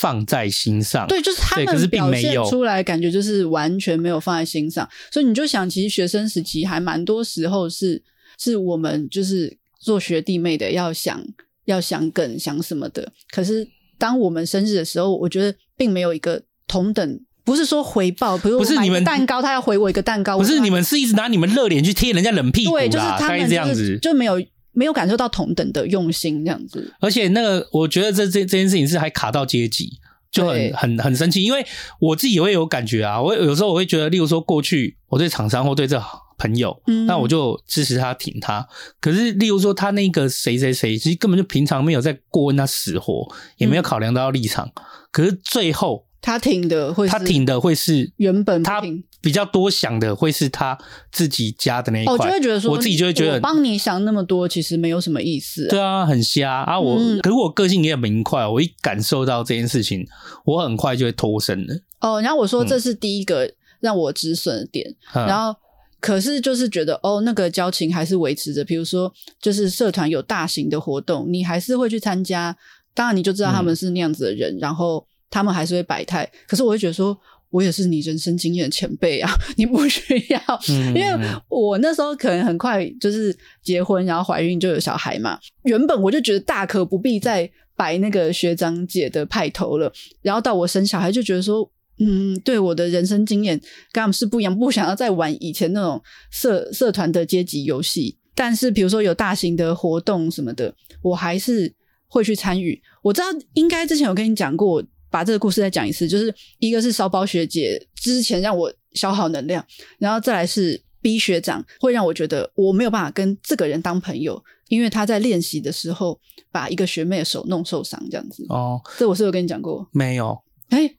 放在心上。對，就是他們對可是表現出來感覺就是完全沒有放在心上，所以你就想，其實學生時期還蠻多時候是，是我們就是做學弟妹的要想要想梗想什麼的，可是。當我們生日的時候，我覺得並沒有一個同等，不是說回報，比如我買不是你們蛋糕，他要回我一個蛋糕，不是你們是一直拿你們熱臉去貼人家冷屁股，對，就是他們、就是、這樣子就沒有沒有感受到同等的用心這樣子。而且那個，我覺得這這這件事情是還卡到階級，就很很對很生氣，因為我自己也會有感覺啊，我有時候我會覺得，例如說過去我對廠商或對這。朋友，嗯，那我就支持他挺他。可是，例如說他那個誰誰誰，其實根本就平常沒有在過問他死活，也沒有考量到立場。嗯、可是最後，他挺的會，他挺的會是，的會是原本他比較多想的會是他自己家的那一塊。我、哦、就會覺得說，我自己就會覺得幫、欸、你想那麼多，其實沒有什麼意思、啊。對啊，很瞎啊！我、嗯、可是我個性也很明快，我一感受到這件事情，我很快就會脫身的。哦，然後我說這是第一個讓我止損的點，嗯、然後。可是就是覺得哦，那個交情還是維持着。比如說，就是社團有大型的活動，你還是會去參加。當然，你就知道他們是那樣子的人，嗯、然後他們還是會擺態。可是我會覺得說，我也是你人生經驗的前輩啊，你不需要。因為我那時候可能很快就是結婚，然後懷孕就有小孩嘛。原本我就覺得大可不必再擺那個學長姐的派頭了。然後到我生小孩，就覺得說。嗯，對，我的人生經驗跟他們是不一樣，不想要再玩以前那種社社團的階級遊戲。但是，比如說有大型的活動什麼的，我還是會去參與。我知道應該之前有跟你講過，把這個故事再講一次，就是一個是燒包學姐之前讓我消耗能量，然後再來是 B 學長會讓我覺得我沒有辦法跟這個人當朋友，因為他在練習的時候把一個學妹的手弄受傷，這樣子。哦，這我是有跟你講過，沒有？哎。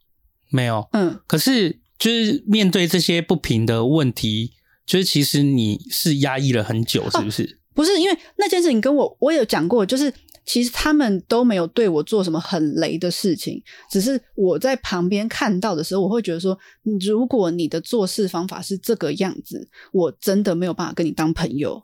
沒有，嗯，可是就是面對這些不平的問題，就是其實你是壓抑了很久，是不是？哦，不是，因為那件事你跟我我也有講過，就是其實他們都沒有對我做什麼很雷的事情，只是我在旁邊看到的時候，我會覺得說，如果你的做事方法是這個樣子，我真的沒有辦法跟你當朋友。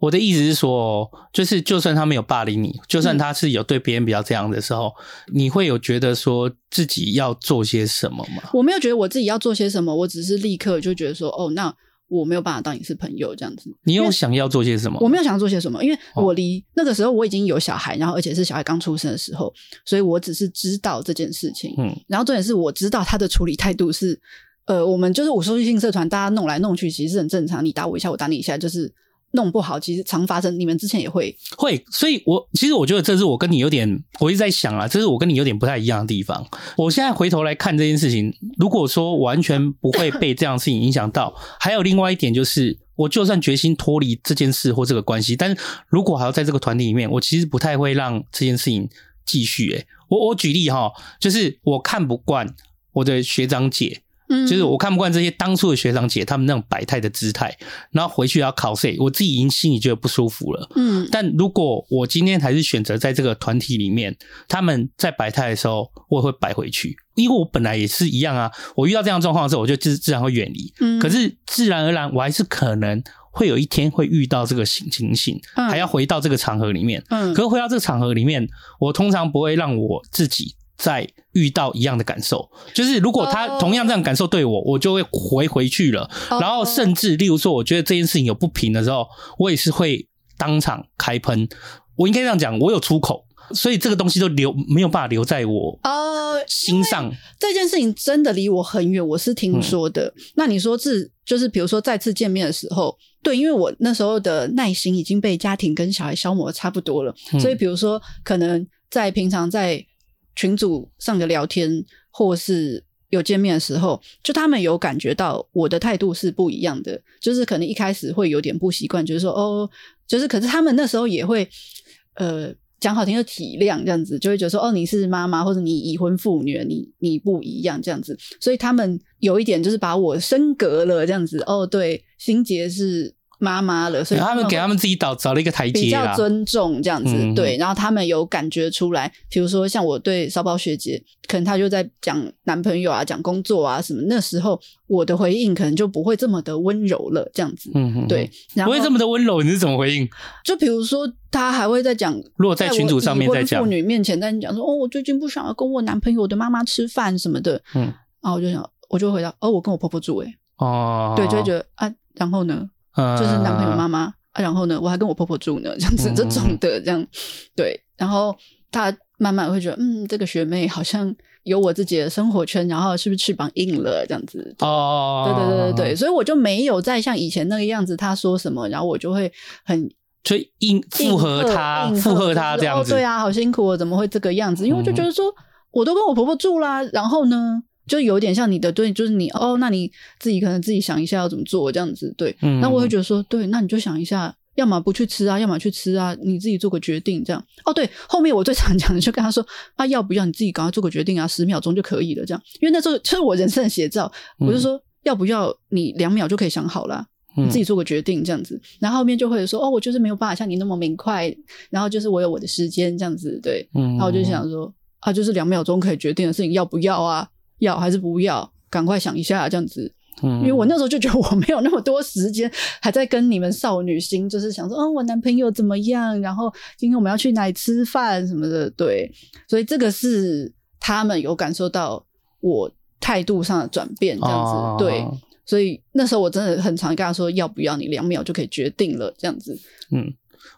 我的意思是說，就是就算他沒有霸凌你，就算他是有對別人比較這樣的時候，嗯、你會有覺得說自己要做些什麼嗎？我沒有覺得我自己要做些什麼，我只是立刻就覺得說，哦，那我沒有辦法當你是朋友這樣子。你有想要做些什麼？我沒有想要做些什麼，因為我離、哦、那個時候我已經有小孩，然後而且是小孩剛出生的時候，所以我只是知道這件事情。嗯，然後重點是我知道他的處理態度是，呃，我們就是武術性社團，大家弄來弄去，其實是很正常。你打我一下，我打你一下，就是。弄不好，其實常發生。你們之前也會會，所以我，我其實我覺得這是我跟你有點，我一直在想啊，這是我跟你有點不太一樣的地方。我現在回頭來看這件事情，如果說完全不會被這樣的事情影響到， 還有另外一點就是，我就算決心脫離這件事或這個關係，但是如果還要在這個團體裡面，我其實不太會讓這件事情繼續、欸。誒。我我舉例哈，就是我看不慣我的學長姐。嗯，就是我看不慣這些當初的學長姐他們那種擺態的姿態，然後回去要 cos，我自己已經心裡覺得不舒服了。嗯，但如果我今天還是選擇在這個團體裡面，他們在擺態的時候，我也會擺回去，因為我本來也是一樣啊。我遇到這樣狀況的時候，我就自自然會遠離。嗯，可是自然而然，我還是可能會有一天會遇到這個情情形，還要回到這個場合裡面。嗯，嗯，可是回到這個場合裡面，我通常不會讓我自己。再遇到一樣的感受，就是如果他同樣這樣的感受對我，uh、我就會回回去了。Uh、然後甚至例如說，我覺得這件事情有不平的時候，我也是會當場開噴。我應該這樣講，我有出口，所以這個東西都留沒有辦法留在我呃心上。Uh、這件事情真的離我很遠，我是聽說的。嗯、那你說這就是，比如說再次見面的時候，對，因為我那時候的耐心已經被家庭跟小孩消磨的差不多了，嗯、所以比如說可能在平常在。群組上的聊天，或是有見面的時候，就他們有感覺到我的態度是不一樣的，就是可能一開始會有點不習慣，就是說哦，就是可是他們那時候也會呃講好聽的體諒這樣子，就會覺得說哦，你是媽媽或者你已婚婦女，你你不一樣這樣子，所以他們有一點就是把我升格了這樣子哦，對，心結是。媽媽了，所以他們給他們自己找找了一個台階，比較尊重，這樣子，嗯、哼對。然後他們有感覺出來，比如說像我對騷包學姐，可能她就在講男朋友啊，講工作啊什麼。那時候我的回應可能就不會這麼的溫柔了，這樣子，嗯哼對。然後不會這麼的溫柔，你是怎麼回應？就比如說，她還會在講，如果在群組上面在講，婦女面前在你講說，哦，我最近不想要跟我男朋友我的媽媽吃飯什麼的，嗯，啊，我就想，我就會回答，哦，我跟我婆婆住、欸，誒哦，對，就會覺得啊，然後呢？就是男朋友媽媽、啊啊，然後呢，我還跟我婆婆住呢，這樣子這種的、嗯、這樣，對，然後他慢慢會覺得，嗯，這個學妹好像有我自己的生活圈，然後是不是翅膀硬了這樣子？哦，對對對對，所以我就沒有再像以前那個樣子，他說什麼，然後我就會很就應附和他，和附，和就是、附和他這樣子。哦、對啊，好辛苦，怎麼會這個樣子？嗯、因為我就覺得說，我都跟我婆婆住啦、啊，然後呢？就有點像你的對，就是你哦，那你自己可能自己想一下要怎麼做這樣子對，嗯、嗯、嗯，那我會覺得說對，那你就想一下，要麼不去吃啊，要麼去吃啊，你自己做個決定這樣。哦，對，後面我最常講的就跟他說啊，要不要你自己趕快做個決定啊，十秒鐘就可以了這樣。因為那時候就是我人生的寫照，嗯、我就說要不要你兩秒就可以想好了，嗯、你自己做個決定這樣子。然後後面就會說哦，我就是沒有辦法像你那麼明快，然後就是我有我的時間這樣子對，嗯，然後我就想說啊，就是兩秒鐘可以決定的事情要不要啊。要還是不要？趕快想一下，這樣子。嗯，因為我那時候就覺得我沒有那麼多時間，還在跟你們少女心，就是想說，哦，我男朋友怎麼樣？然後，今天我們要去哪裡吃飯什麼的。對，所以這個是他們有感受到我態度上的轉變，這樣子。哦、對，所以那時候我真的很常跟他說，要不要？你兩秒就可以決定了，這樣子。嗯，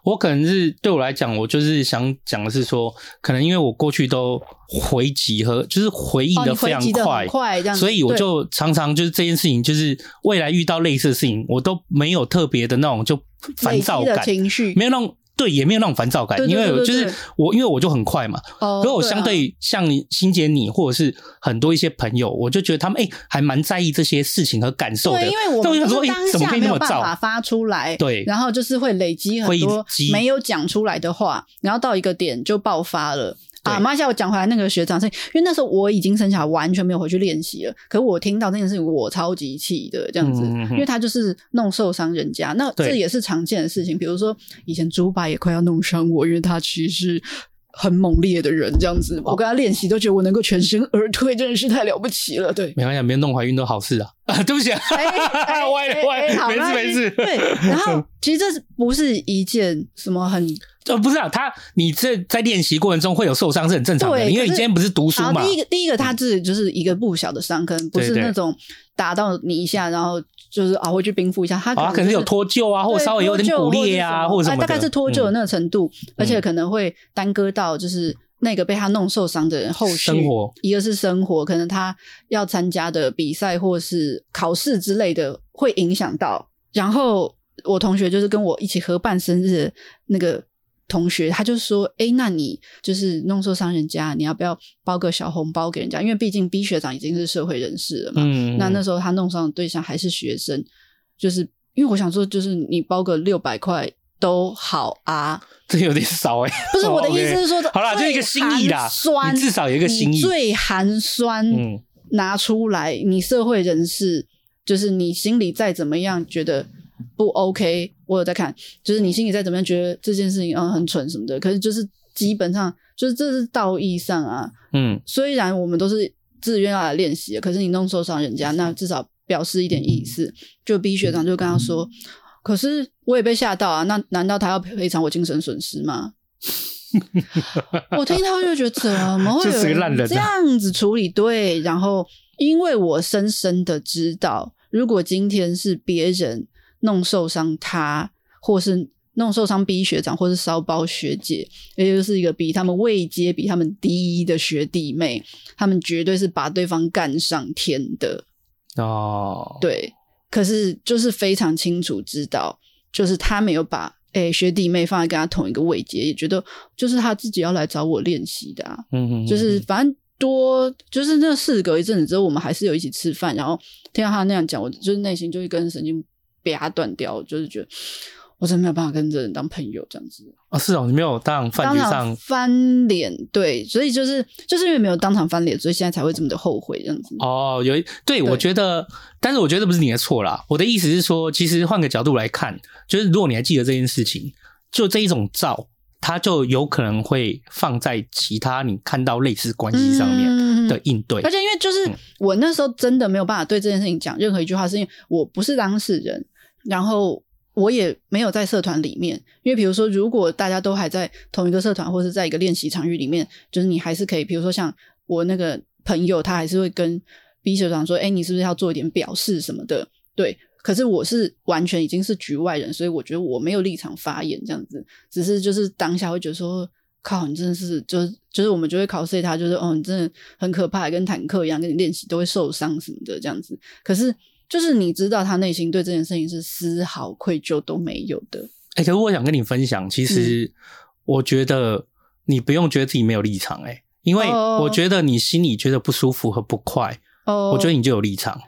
我可能是對我來講，我就是想講的是說，可能因為我過去都。回擊和就是回應的非常快，快這樣子，所以我就常常就是這件事情，就是未來遇到類似的事情，我都沒有特別的那種就煩躁感情緒，沒有那種對，也沒有那種煩躁感，因為就是我，因為我就很快嘛，所以我相對像欣姐你或者是很多一些朋友，我就覺得他們哎，還蠻在意這些事情和感受的，因為我就是當下沒有辦法發出來，對，然後就是會累積很多沒有講出來的話，然後到一個點就爆發了。啊，媽對，媽下我講回來那個學長是，因為那時候我已經生小孩，完全沒有回去練習了。可是我聽到那件事情，我超級氣的這樣子，嗯、哼因為他就是弄受傷人家，那這也是常見的事情。對比如說以前竹柏也快要弄傷我，因為他其實很猛烈的人這樣子，好我跟他練習都覺得我能夠全身而退，真的是太了不起了。對，沒關係，沒有弄懷孕都好事啊。啊，對不起啊。我、欸欸欸欸、沒事沒事。對，然後其實這不是一件什麼很。哦，不是、啊、他，你這在練習過程中會有受傷是很正常的，對，因為你今天不是讀書嘛。啊、第一個，第一個他自己就是一個不小的傷，坑、嗯、不是那種打到你一下，然後就是啊回去冰敷一下。他、就是、啊，他可能是有脫臼啊，臼或稍微有點骨裂啊，或者什麼，大概是脫臼的那個程度，嗯、而且可能會耽擱到就是那個被他弄受傷的人後續。生活、一個是生活，可能他要參加的比賽或是考試之類的會影響到。然後我同學就是跟我一起合辦生日那個。同學，他就說，哎、欸，那你就是弄錯傷人家，你要不要包個小紅包給人家？因為畢竟 B 學長已經是社會人士了嘛。嗯。那那時候他弄傷的對象還是學生，就是因為我想說，就是你包個六百塊都好啊，這有點少哎、欸。不是、oh, okay. 我的意思是說，Okay. 好啦，就一個心意啦、啊。酸至少有一個心意，最寒酸，拿出來，嗯、你社會人士，就是你心裡再怎麼樣覺得。不 OK，我有在看，就是你心裡再怎麼樣覺得這件事情啊、嗯、很蠢什麼的，可是就是基本上就是這是道義上啊，嗯，雖然我們都是自願要來練習，可是你弄受傷人家，那至少表示一點意思。就 B 學長就跟他說，嗯、可是我也被嚇到啊，那難道他要賠償我精神損失嗎？ 我聽他就覺得怎麼會有這樣子處理？對，然後因為我深深的知道，如果今天是別人。弄受傷他，或是弄受傷 B 學長，或是騷包學姐，也就是一個比他們位階比他們低一的學弟妹，他們絕對是把對方幹上天的哦。Oh. 對，可是就是非常清楚知道，就是他沒有把誒、欸、學弟妹放在跟他同一個位階，也覺得就是他自己要來找我練習的啊。嗯嗯，就是反正多就是那事隔一陣子之後，我們還是有一起吃飯，然後聽到他那樣講，我就是內心就一根神經。被他斷掉，就是覺得我真的沒有辦法跟這人當朋友這樣子啊、哦！是哦，你沒有當飯局上當場翻臉，對，所以就是就是因為沒有當場翻臉，所以現在才會這麼的後悔這樣子哦。有對，對我覺得，但是我覺得不是你的錯啦。我的意思是說，其實換個角度來看，就是如果你還記得這件事情，就這一種照，他就有可能會放在其他你看到類似關係上面的應對。嗯、而且因為就是、嗯、我那時候真的沒有辦法對這件事情講任何一句話，是因為我不是當事人。然後我也沒有在社團裡面，因為比如說，如果大家都還在同一個社團或者是在一個練習場域裡面，就是你還是可以，比如說像我那個朋友，他還是會跟 B 社長說：“哎，你是不是要做一點表示什麼的？”對，可是我是完全已經是局外人，所以我覺得我沒有立場發言這樣子，只是就是當下會覺得說：“靠，你真的是就就是我們就會 cos 他，就是哦，你真的很可怕，跟坦克一樣，跟你練習都會受傷什麼的這樣子。”可是。就是你知道他內心對這件事情是絲毫愧疚都沒有的。哎、欸,可是我想跟你分享，其實我覺得你不用覺得自己沒有立場、欸，哎、嗯，因為我覺得你心裡覺得不舒服和不快，嗯、我覺得你就有立場。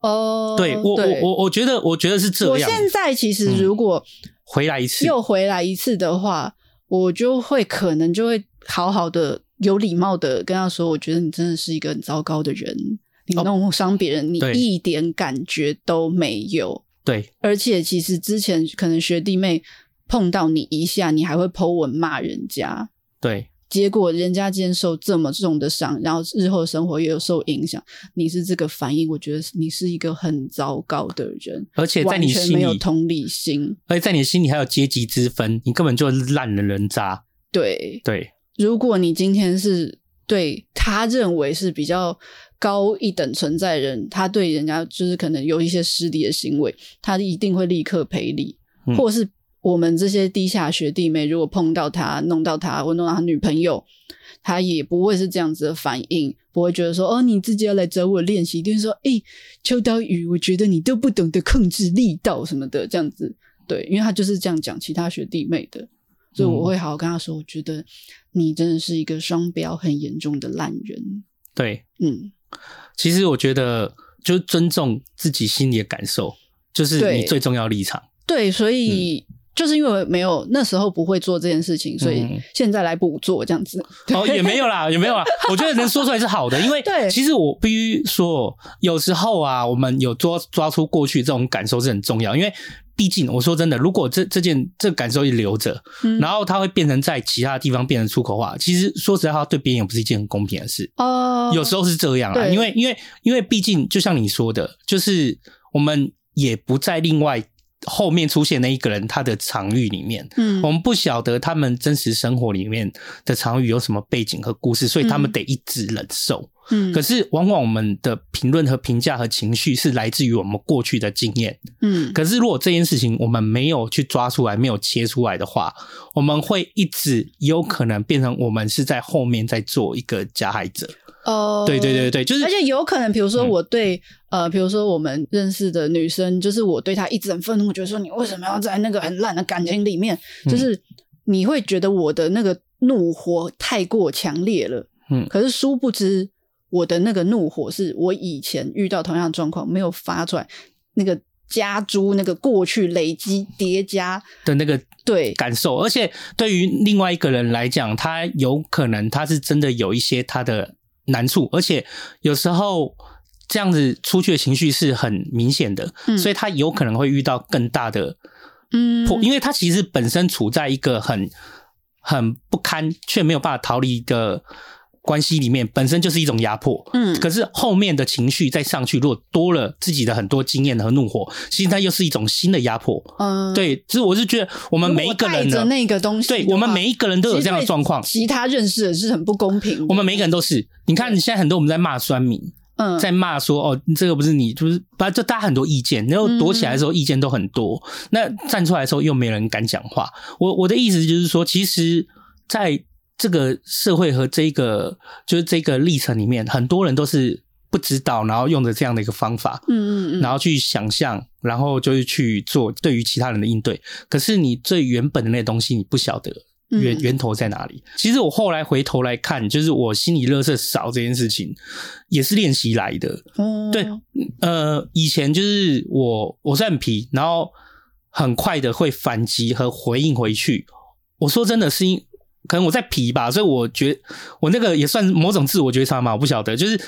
哦、嗯，對我對我我我覺得我覺得是這樣。我現在其實如果、嗯、回來一次又回來一次的話，我就會可能就會好好的有禮貌的跟他說，我覺得你真的是一個很糟糕的人。你弄傷別人，oh, 你一點感覺都沒有。對，而且其實之前可能學弟妹碰到你一下，你還會 po 文罵人家。對，結果人家今天受這麼重的傷，然後日後生活也有受影響，你是這個反應，我覺得你是一個很糟糕的人，而且在你心裡沒有同理心，而且在你的心裡還有階級之分，你根本就是爛人人渣。對對，對如果你今天是對他認為是比較。高一等存在人，他對人家就是可能有一些失禮的行為，他一定會立刻賠禮。嗯、或是我們這些低下學弟妹，如果碰到他、弄到他，或弄到他女朋友，他也不會是這樣子的反應，不會覺得說：“哦，你自己要來找我練習。”就是說：“誒、欸、秋刀魚，我覺得你都不懂得控制力道什麼的，這樣子。”對，因為他就是這樣講其他學弟妹的，所以我會好好跟他說：“我覺得你真的是一個雙標很嚴重的爛人。”對，嗯。嗯其實我覺得，就尊重自己心裡的感受，就是你最重要的立場。對，對，所以，嗯，就是因為沒有那時候不會做這件事情，所以現在來補做這樣子。哦，也沒有啦，也沒有啦。我覺得能說出來是好的， 因為其實我必須說，有時候啊，我們有抓抓出過去這種感受是很重要，因為。畢竟，我說真的，如果這這件這感受一留着，嗯，然後它會變成在其他地方變成出口話，其實說實在話，對別人也不是一件很公平的事。哦，有時候是這樣啊，對，因為，因為因為因為畢竟，就像你說的，就是我們也不再另外。後面出現那一個人，他的場域裡面，嗯，我們不曉得他們真實生活裡面的場域有什麼背景和故事，所以他們得一直忍受。嗯，可是往往我們的評論和評價和情緒是來自於我們過去的經驗。嗯，可是如果這件事情我們沒有去抓出來，沒有切出來的話，我們會一直有可能變成我們是在後面在做一個加害者。哦，呃、對對對對，就是，而且有可能，比如說我對、嗯、呃，比如說我們認識的女生，就是我對她一直很憤怒，覺得說你為什麼要在那個很爛的感情裡面，嗯、就是你會覺得我的那個怒火太過強烈了，嗯，可是殊不知我的那個怒火是我以前遇到同樣的狀況沒有發出來，那個加諸那個過去累積疊加的那個對感受，對而且對於另外一個人來講，他有可能他是真的有一些他的。難處，而且有時候這樣子出去的情緒是很明顯的，嗯、所以他有可能會遇到更大的波，嗯、因為他其實本身處在一個很很不堪，卻沒有辦法逃離的關係裡面本身就是一種壓迫，嗯，可是後面的情緒再上去，如果多了自己的很多經驗和怒火，其實它又是一種新的壓迫，嗯，對，其實我是覺得我們每一個人的，那個東西，對我們每一個人都有這樣的狀況。其，其他認識的是很不公平，我們每一個人都是。你看，現在很多我們在罵酸民，嗯，在罵說哦，這個不是你，就是把就大家很多意見，然後躲起來的時候意見都很多，嗯，那站出來的時候又沒人敢講話。我我的意思就是說，其實，在。這個社會和這個就是這個歷程裡面，很多人都是不知道，然後用着這樣的一個方法，嗯嗯，然後去想象，然後就是去做對於其他人的應對。可是你最原本的那東西，你不曉得源源頭在哪裡。嗯、其實我後來回頭來看，就是我心裡垃圾少這件事情，也是練習來的。嗯、對，呃，以前就是我我算很皮，然後很快的會反擊和回應回去。我說真的是因。可能我在皮吧，所以我覺得我那個也算某種自我覺察嘛，我不曉得。就是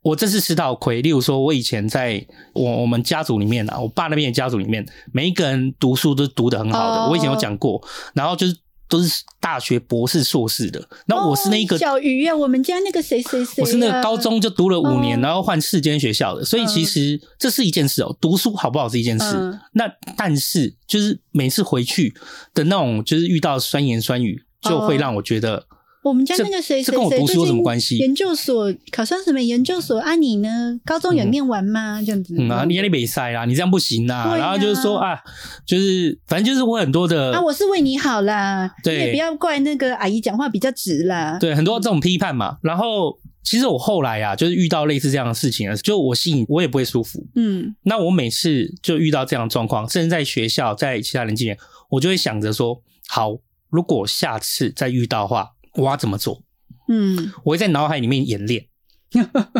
我這次吃到虧，例如說，我以前在我我們家族裡面啊，我爸那邊的家族裡面，每一個人讀書都讀得很好的，oh. 我以前有講過。然後就是都是大學博士、碩士的。那我是那一個、oh, 小魚啊，我們家那個誰誰誰，我是那個高中就讀了五年，然後換四間學校的。所以其實這是一件事哦、喔，oh. 讀書好不好是一件事。Oh. 那但是就是每次回去的那種，就是遇到酸言酸語。就會讓我覺得，我們家那個誰誰誰，這跟我讀書有什麼關係？研究所考算什麼研究所啊？你呢？高中有念完嗎？這樣子，嗯啊，你壓得沒塞啦，你這樣不行吶。然後就是說啊，就是反正就是我很多的啊，我是為你好啦，對，也不要怪那個阿姨講話比較直啦。對，很多這種批判嘛。然後其實我後來啊，就是遇到類似這樣的事情了，就我心裡我也不會舒服。嗯，那我每次就遇到這樣的狀況，甚至在學校在其他人面前，我就會想着說好。如果下次再遇到的話，我要怎麼做？嗯，我會在腦海裡面演練，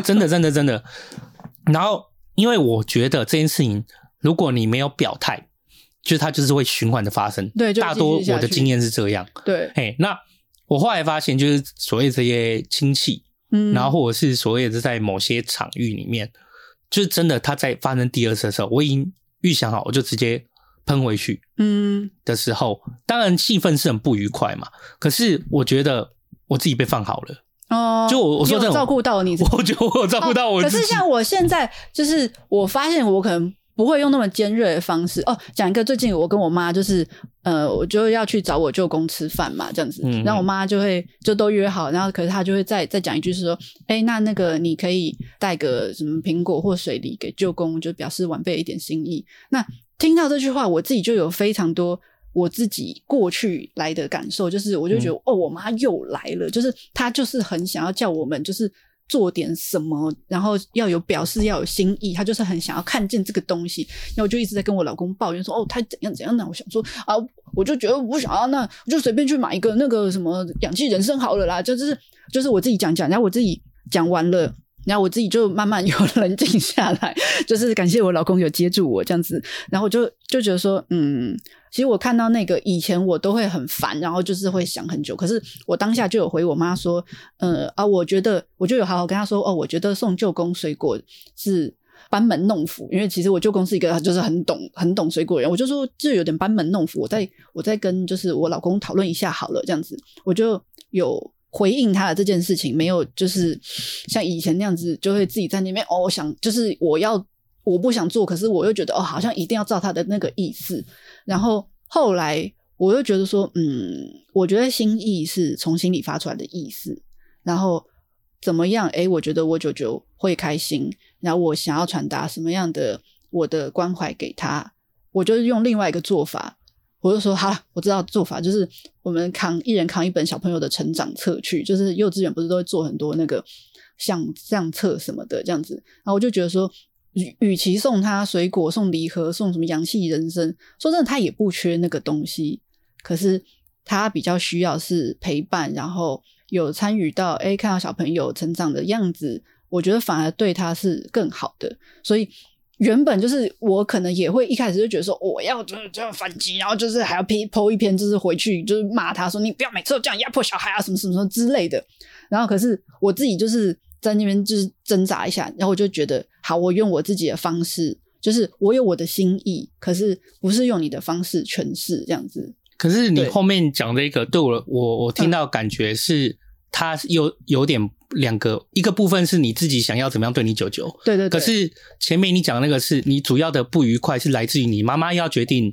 真的，真的，真的。然後，因為我覺得這件事情，如果你沒有表態，就是它就是會循環的發生。對，就，大多我的經驗是這樣。對，哎，hey, 那我後來發現，就是所謂這些親戚，嗯，然後或者是所謂的在某些場域裡面，就是真的，他在發生第二次的時候，我已經預想好，我就直接。噴回去，嗯，的時候，嗯、當然氣氛是很不愉快嘛。可是我覺得我自己被放好了，哦，就我我照顧到你，我覺得我照顧到我自己、哦。可是像我現在，就是我發現我可能不會用那麼尖銳的方式 哦。講一個最近我跟我媽就是，呃，我就要去找我舅公吃飯嘛，這樣子，嗯嗯，然後我媽就會就都約好，然後可是她就會再再講一句，是說，哎、欸，那那個你可以帶個什麼蘋果或水梨給舅公，就表示晚輩一點心意。那聽到這句話，我自己就有非常多我自己過去來的感受，就是我就覺得、嗯、哦，我媽又來了，就是她就是很想要叫我們就是做點什麼，然後要有表示，要有心意，她就是很想要看見這個東西，然後我就一直在跟我老公抱怨說哦，她怎樣怎樣的，我想說啊，我就覺得我不想要，那我就隨便去買一個那個什麼氧氣人參好了啦，就是就是我自己講講，然後我自己講完了。然後我自己就慢慢有冷靜下來，就是感謝我老公有接住我這樣子，然後就就覺得說，嗯，其實我看到那個以前我都會很煩，然後就是會想很久，可是我當下就有回我媽說，呃啊，我覺得我就有好好跟她說，哦，我覺得送舅公水果是班門弄斧，因為其實我舅公是一個就是很懂很懂水果人，我就說這有點班門弄斧，我再我再跟就是我老公討論一下好了這樣子，我就有。回應他的這件事情沒有，就是像以前那樣子，就會自己在那邊哦，我想就是我要、我不想做，可是我又覺得哦，好像一定要照他的那個意思。然後後來我又覺得說，嗯，我覺得心意是從心裡發出來的意思。然後怎麼樣？誒，我覺得我舅舅會開心。然後我想要傳達什麼樣的我的關懷給他，我就是用另外一個做法。我就說哈，我知道做法，就是我們扛一人扛一本小朋友的成長冊去，就是幼稚園不是都會做很多那個相相冊什麼的這樣子，然後我就覺得說，與其送他水果、送禮盒、送什麼養氣人蔘，說真的，他也不缺那個東西，可是他比較需要是陪伴，然後有參與到，哎、欸，看到小朋友成長的樣子，我覺得反而對他是更好的，所以。原本就是我可能也會一開始就覺得說我要就就要反擊，然後就是還要批剖一篇，就是回去就是罵他說，你不要每次都這樣壓迫小孩啊什麼什麼什麼之類的。然後可是我自己就是在那邊就是掙扎一下，然後我就覺得好，我用我自己的方式，就是我有我的心意，可是不是用你的方式詮釋這樣子。可是你後面講的一個對我我我聽到感覺是他有有點。兩個，一個部分是你自己想要怎麼樣對你舅舅，對,對對。可是前面你講那個是你主要的不愉快是來自於你媽媽要決定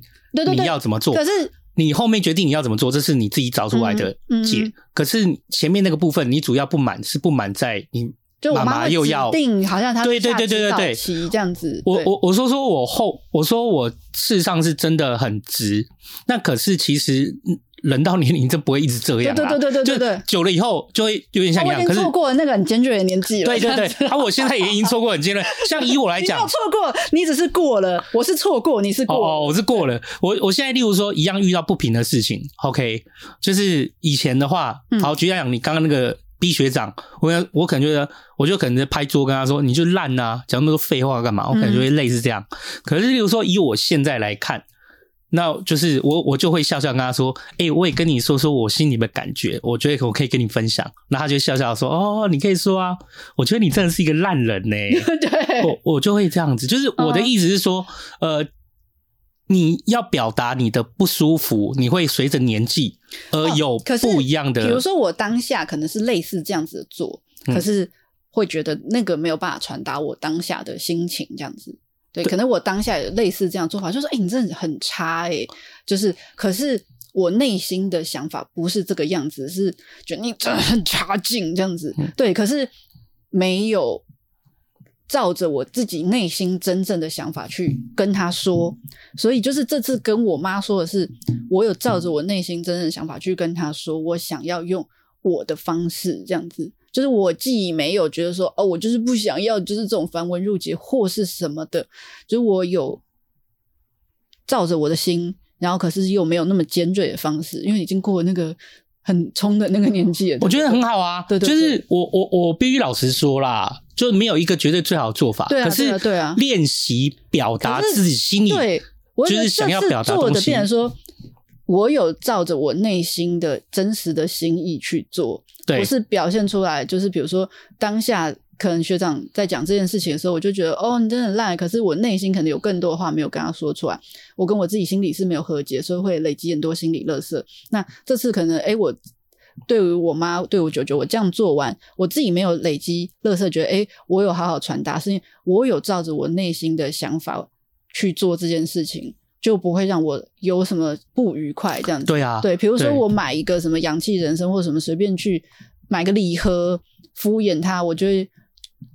你要怎麼做，對對對可是你後面決定你要怎麼做，這是你自己找出來的解。嗯嗯、可是前面那個部分，你主要不滿是不滿在你媽媽又要定，好像他對對對對對對，這樣子。我我我說說我後我說我事實上是真的很直，那可是其實。人到年齡就不會一直這樣，對對對對對，對。久了以後就會有點像一樣。可是錯過了那個很尖銳的年紀了，對對對。啊，我現在已經錯過很尖銳。像以我來講，你沒有錯過，你只是過了。我是錯過，你是過，哦，我是過了。我我現在例如說一樣遇到不平的事情，OK，就是以前的話，好就像你剛剛那個 B 學長，我我可能覺得，我就可能在拍桌跟他說：“你就爛吶，講那麼多廢話幹嘛？”我感覺會類似這樣。可是，例如說以我現在來看。那就是我，我就會笑笑跟他說：“哎、欸，我也跟你說說我心裡的感覺，我覺得我可以跟你分享。”那他就笑笑說：“哦，你可以說啊，我覺得你真的是一個爛人呢、欸。”對，我我就會這樣子，就是我的意思是說，哦、呃，你要表達你的不舒服，你會隨着年紀而有不一樣的。哦、比如說，我當下可能是類似這樣子的做，嗯、可是會覺得那個沒有辦法傳達我當下的心情這樣子。對，可能我當下有類似這樣做法，就說：“哎，你真的很差誒！”就是，可是我內心的想法不是這個樣子，是覺得你真的很差勁這樣子。對，可是沒有照着我自己內心真正的想法去跟他說。所以，就是這次跟我媽說的是，我有照着我內心真正的想法去跟他說，我想要用我的方式這樣子。就是我既沒有覺得說哦、喔，我就是不想要就是這種繁文縟節或是什麼的，就是我有照着我的心，然後可是又沒有那麼尖銳的方式，因為已經過了那個很衝的那個年紀了。我覺得很好啊，對，就是我我我必須老實說啦，就是沒有一個絕對最好的做法。對，可是對啊，練習表達自己心裡，就是想要表達東西。 我有照着我內心的真實的心意去做，對我是表現出來。就是比如說，當下可能學長在講這件事情的時候，我就覺得對哦，你真的很爛。可是我內心可能有更多話沒有跟他說出來，我跟我自己心裡是沒有和解，所以會累積很多心理垃圾。那這次可能，哎，我對於我媽、對我舅舅，我這樣做完，我自己沒有累積垃圾，覺得哎，我有好好傳達，是因為我有照着我內心的想法去做這件事情。就不會讓我有什麼不愉快這樣子。對啊，對，比如說我買一個什麼養氣人蔘或者什麼，隨便去買個禮盒敷衍他，我就會。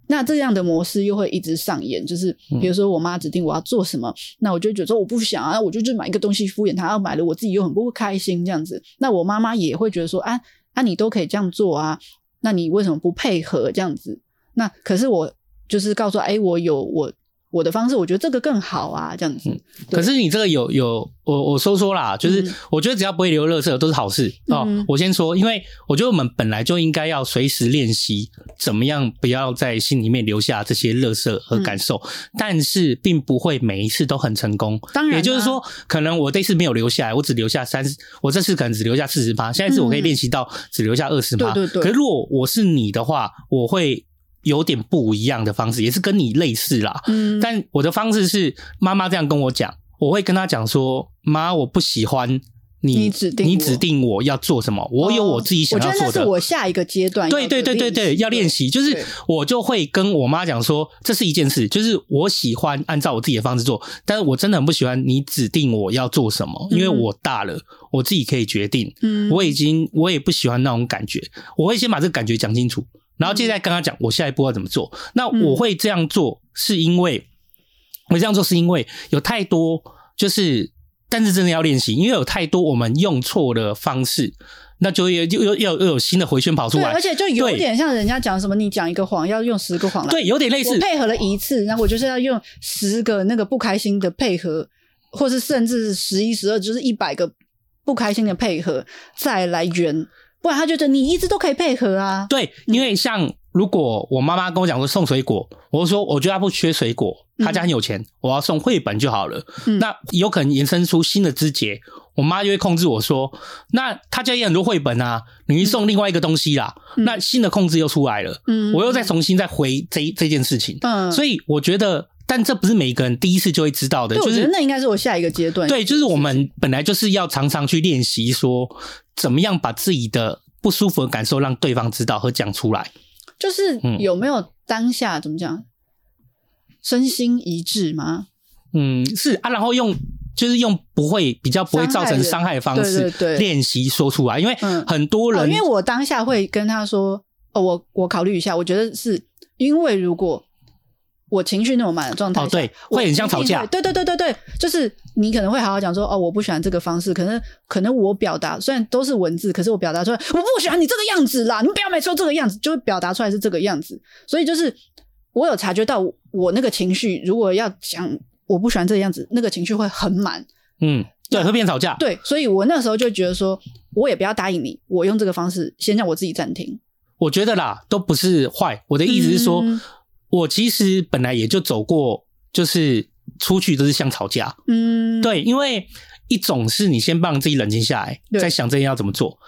那這樣的模式又會一直上演。就是比如說我媽指定我要做什麼，嗯、那我就覺得說我不想啊，我就去買一個東西敷衍他，然後買了我自己又很不開心這樣子。那我媽媽也會覺得說啊，啊你都可以這樣做啊，那你為什麼不配合這樣子？那可是我就是告訴說哎、欸，我有我，我的方式，我覺得這個更好啊，這樣子。嗯、可是你這個有有，我我說說啦，就是我覺得只要不會留垃圾都是好事、嗯、哦。我先說，因為我覺得我們本來就應該要隨時練習怎麼樣，不要在心裡面留下這些垃圾和感受，嗯、但是並不會每一次都很成功。當然、啊，也就是說，可能我這次沒有留下來，我只留下三十，我這次可能只留下四十八，下一次我可以練習到只留下二十八。對對，對。可是如果我是你的話，我會。有點不一樣的方式，也是跟你類似啦。嗯，但我的方式是媽媽這樣跟我講，我會跟她講說：“媽，我不喜歡你你指，你指定我要做什麼，我有我自己想要做的。哦”我覺得這是我下一個階段。對對對對對，要練習，對就是我就會跟我媽講說：“對這是一件事，就是我喜歡按照我自己的方式做，但是我真的很不喜歡你指定我要做什麼，因為我大了，我自己可以決定。嗯，我已經我也不喜歡那種感覺，我會先把這個感覺講清楚。”然後接下來跟他講，我下一步要怎麼做。那我會這樣做，是因為、嗯、我這樣做是因為有太多，就是但是真的要練習，因為有太多我們用錯的方式，那就又又又又有新的回旋跑出來。而且就有點像人家講什麼，對你講一個謊要用十個謊來。對，有點類似。我配合了一次，然後哇我就是要用十個那個不開心的配合，或是甚至十一十二，就是一百個不開心的配合再來圓。不然他覺得你一直都可以配合啊。對，嗯、因為像如果我媽媽跟我講說送水果，我就說我覺得他不缺水果，他家很有錢，嗯、我要送繪本就好了。嗯、那有可能延伸出新的枝節，我媽就會控制我說，那他家也很多繪本啊，你一送另外一個東西啦，嗯、那新的控制又出來了。嗯、我又再重新再回這這件事情。嗯，所以我覺得。但這不是每一個人第一次就會知道的，對，就是那應該是我下一個階段。對，就是我們本來就是要常常去練習說怎麼樣把自己的不舒服的感受讓對方知道和講出來。就是有沒有當下怎麼講，嗯、身心一致嗎？嗯，是啊。然後用就是用不會比較不會造成傷害的方式練習說出來，對對對，因為很多人、啊、因為我當下會跟他說：“哦，我我考慮一下。”我覺得是因為如果。我情緒那種滿的狀態，哦對，會很像吵架。對對對對對，就是你可能會好好講說，哦，我不喜歡這個方式，可能可能我表達雖然都是文字，可是我表達出來，我不喜歡你這個樣子啦，你不要每次都這個樣子，就會表達出來是這個樣子。所以就是我有察覺到我，我那個情緒如果要講，我不喜歡這個樣子，那個情緒會很滿。嗯，對，那會變吵架。對，所以我那時候就覺得說，我也不要答應你，我用這個方式先讓我自己暫停。我覺得啦，都不是壞。我的意思是說。嗯我其實本來也就走過，就是出去都是像吵架，嗯，對，因為一種是你先幫自己冷靜下來，對再想這些要怎麼做；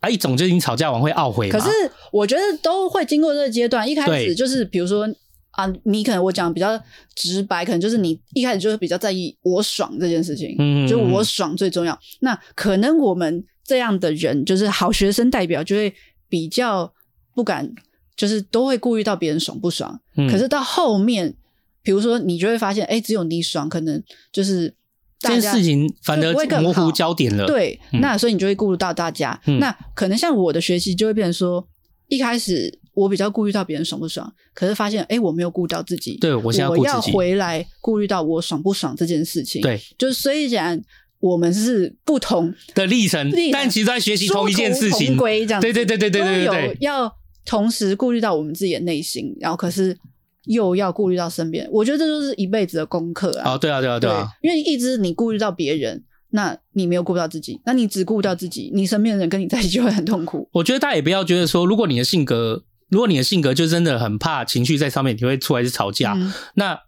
啊，一種就是你吵架完會懊悔。可是我覺得都會經過這個階段，一開始就是比如說對啊，你可能我講比較直白，可能就是你一開始就是比較在意我爽這件事情，嗯，就我爽最重要。那可能我們這樣的人，就是好學生代表，就會比較不敢。就是都會顧慮到別人爽不爽，嗯、可是到後面，比如說你就會發現，哎、欸，只有你爽，可能就是大家就這件事情反而模糊焦點了。對，嗯、那所以你就會顧慮到大家。嗯、那可能像我的學習，就會變成說，一開始我比較顧慮到別人爽不爽，可是發現，哎、欸，我沒有顧到自己。對，我現在要我要回來顧慮到我爽不爽這件事情。對，就是雖然我們是不同的歷程，歷程但其實在學習同一件事情，殊途同歸這樣子。對，對對對對對對對對，要。同時顧慮到我們自己的內心，然後可是又要顧慮到身邊，我覺得這就是一輩子的功課啊。哦，對啊，對啊，對啊！因為一直你顧慮到別人，那你沒有顧到自己；那你只顧到自己，你身邊的人跟你在一起就會很痛苦。我覺得大家也不要覺得說，如果你的性格，如果你的性格就真的很怕情緒在上面，你會出來就吵架，嗯。那。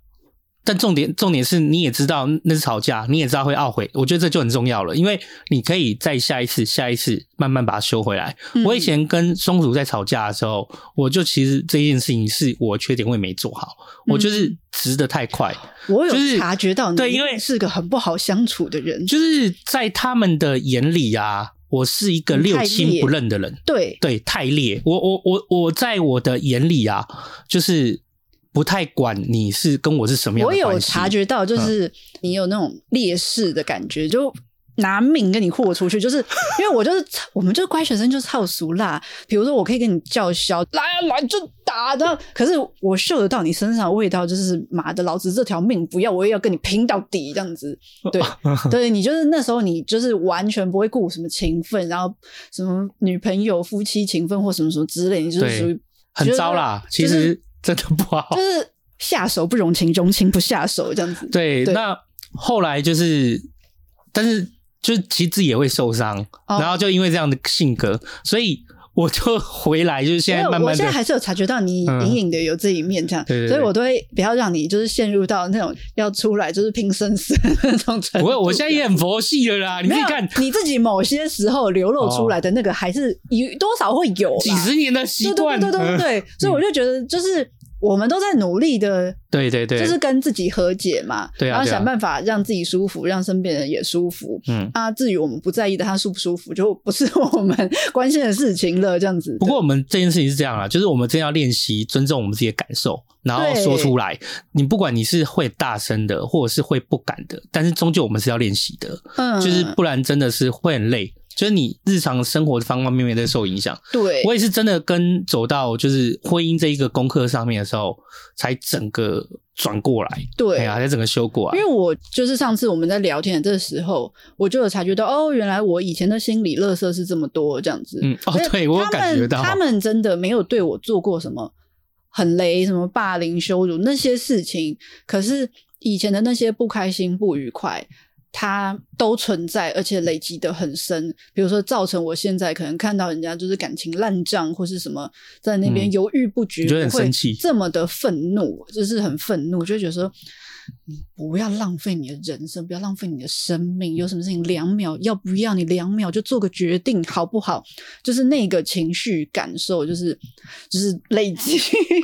但重點，重點是，你也知道那是吵架，你也知道會懊悔。我覺得這就很重要了，因為你可以再下一次、下一次慢慢把它修回來。嗯、我以前跟松鼠在吵架的時候，我就其實這件事情是我缺點，我也沒做好，嗯、我就是直的太快。我有察覺到，對，因為是個很不好相處的人，就是在他們的眼裡啊，我是一個六親不認的人。對對，太烈。我我我我在我的眼裡啊，就是。不太管你是跟我是什麼樣的，我有察覺到，就是你有那種劣勢的感覺，嗯、就拿命跟你豁出去，就是因為我就是 我們就是乖學生，就是超俗辣。比如說，我可以跟你叫囂，來、啊、來就打的。可是我嗅得到你身上的味道，就是媽的，老子這條命不要，我也要跟你拼到底這樣子。對 對,對，你就是那時候，你就是完全不會顧什麼情分，然後什麼女朋友、夫妻情分或什麼什麼之類，你就是屬於很糟啦，就是、其實。真的不好，就是下手不容情，容情不下手這樣子。對，對那後來就是，但是就其實自己也會受傷，哦、然後就因為這樣的性格，所以我就回來就是現在慢慢。我現在還是有察覺到你隱隱的有這一面這樣，嗯、對對對，所以我都會不要讓你就是陷入到那種要出來就是拼生死的那種程度不會。我現在也很佛系了啦，有你可以看你自己某些時候流露出來的那個還是有多少會有、哦、幾十年的習慣，對對對，對對對，嗯、所以我就覺得就是。我們都在努力的，對對對，就是跟自己和解嘛，對對對，然後想辦法讓自己舒服，對啊對啊，讓身邊人也舒服。嗯，啊，至於我們不在意的他舒不舒服，嗯，就不是我們關心的事情了。這樣子。不過我們這件事情是這樣啊，就是我們真要練習尊重我們自己的感受，然後說出來。對你不管你是會大聲的，或者是會不敢的，但是終究我們是要練習的。嗯，就是不然真的是會很累。就是你日常生活方方面面在受影響。對。我也是真的，跟走到就是婚姻這一個功課上面的時候，才整個轉過來。對，哎呀，才整個修過來。因為我就是上次我們在聊天的這時候，我就有察覺到，哦，原來我以前的心理垃圾是這麼多這樣子。嗯，哦，對，我有感覺到他們，他們真的沒有對我做過什麼很雷、什麼霸凌、羞辱那些事情。可是以前的那些不開心、不愉快。它都存在，而且累積得很深。比如說，造成我現在可能看到人家就是感情爛賬，或是什麼在那邊猶豫不決，我覺得很生氣。會這麼的憤怒，就是很憤怒，就覺得說。你不要浪費你的人生，不要浪費你的生命。有什麼事情兩秒要不要？你兩秒就做個決定好不好？就是那個情緒感受、就是，就是就是累積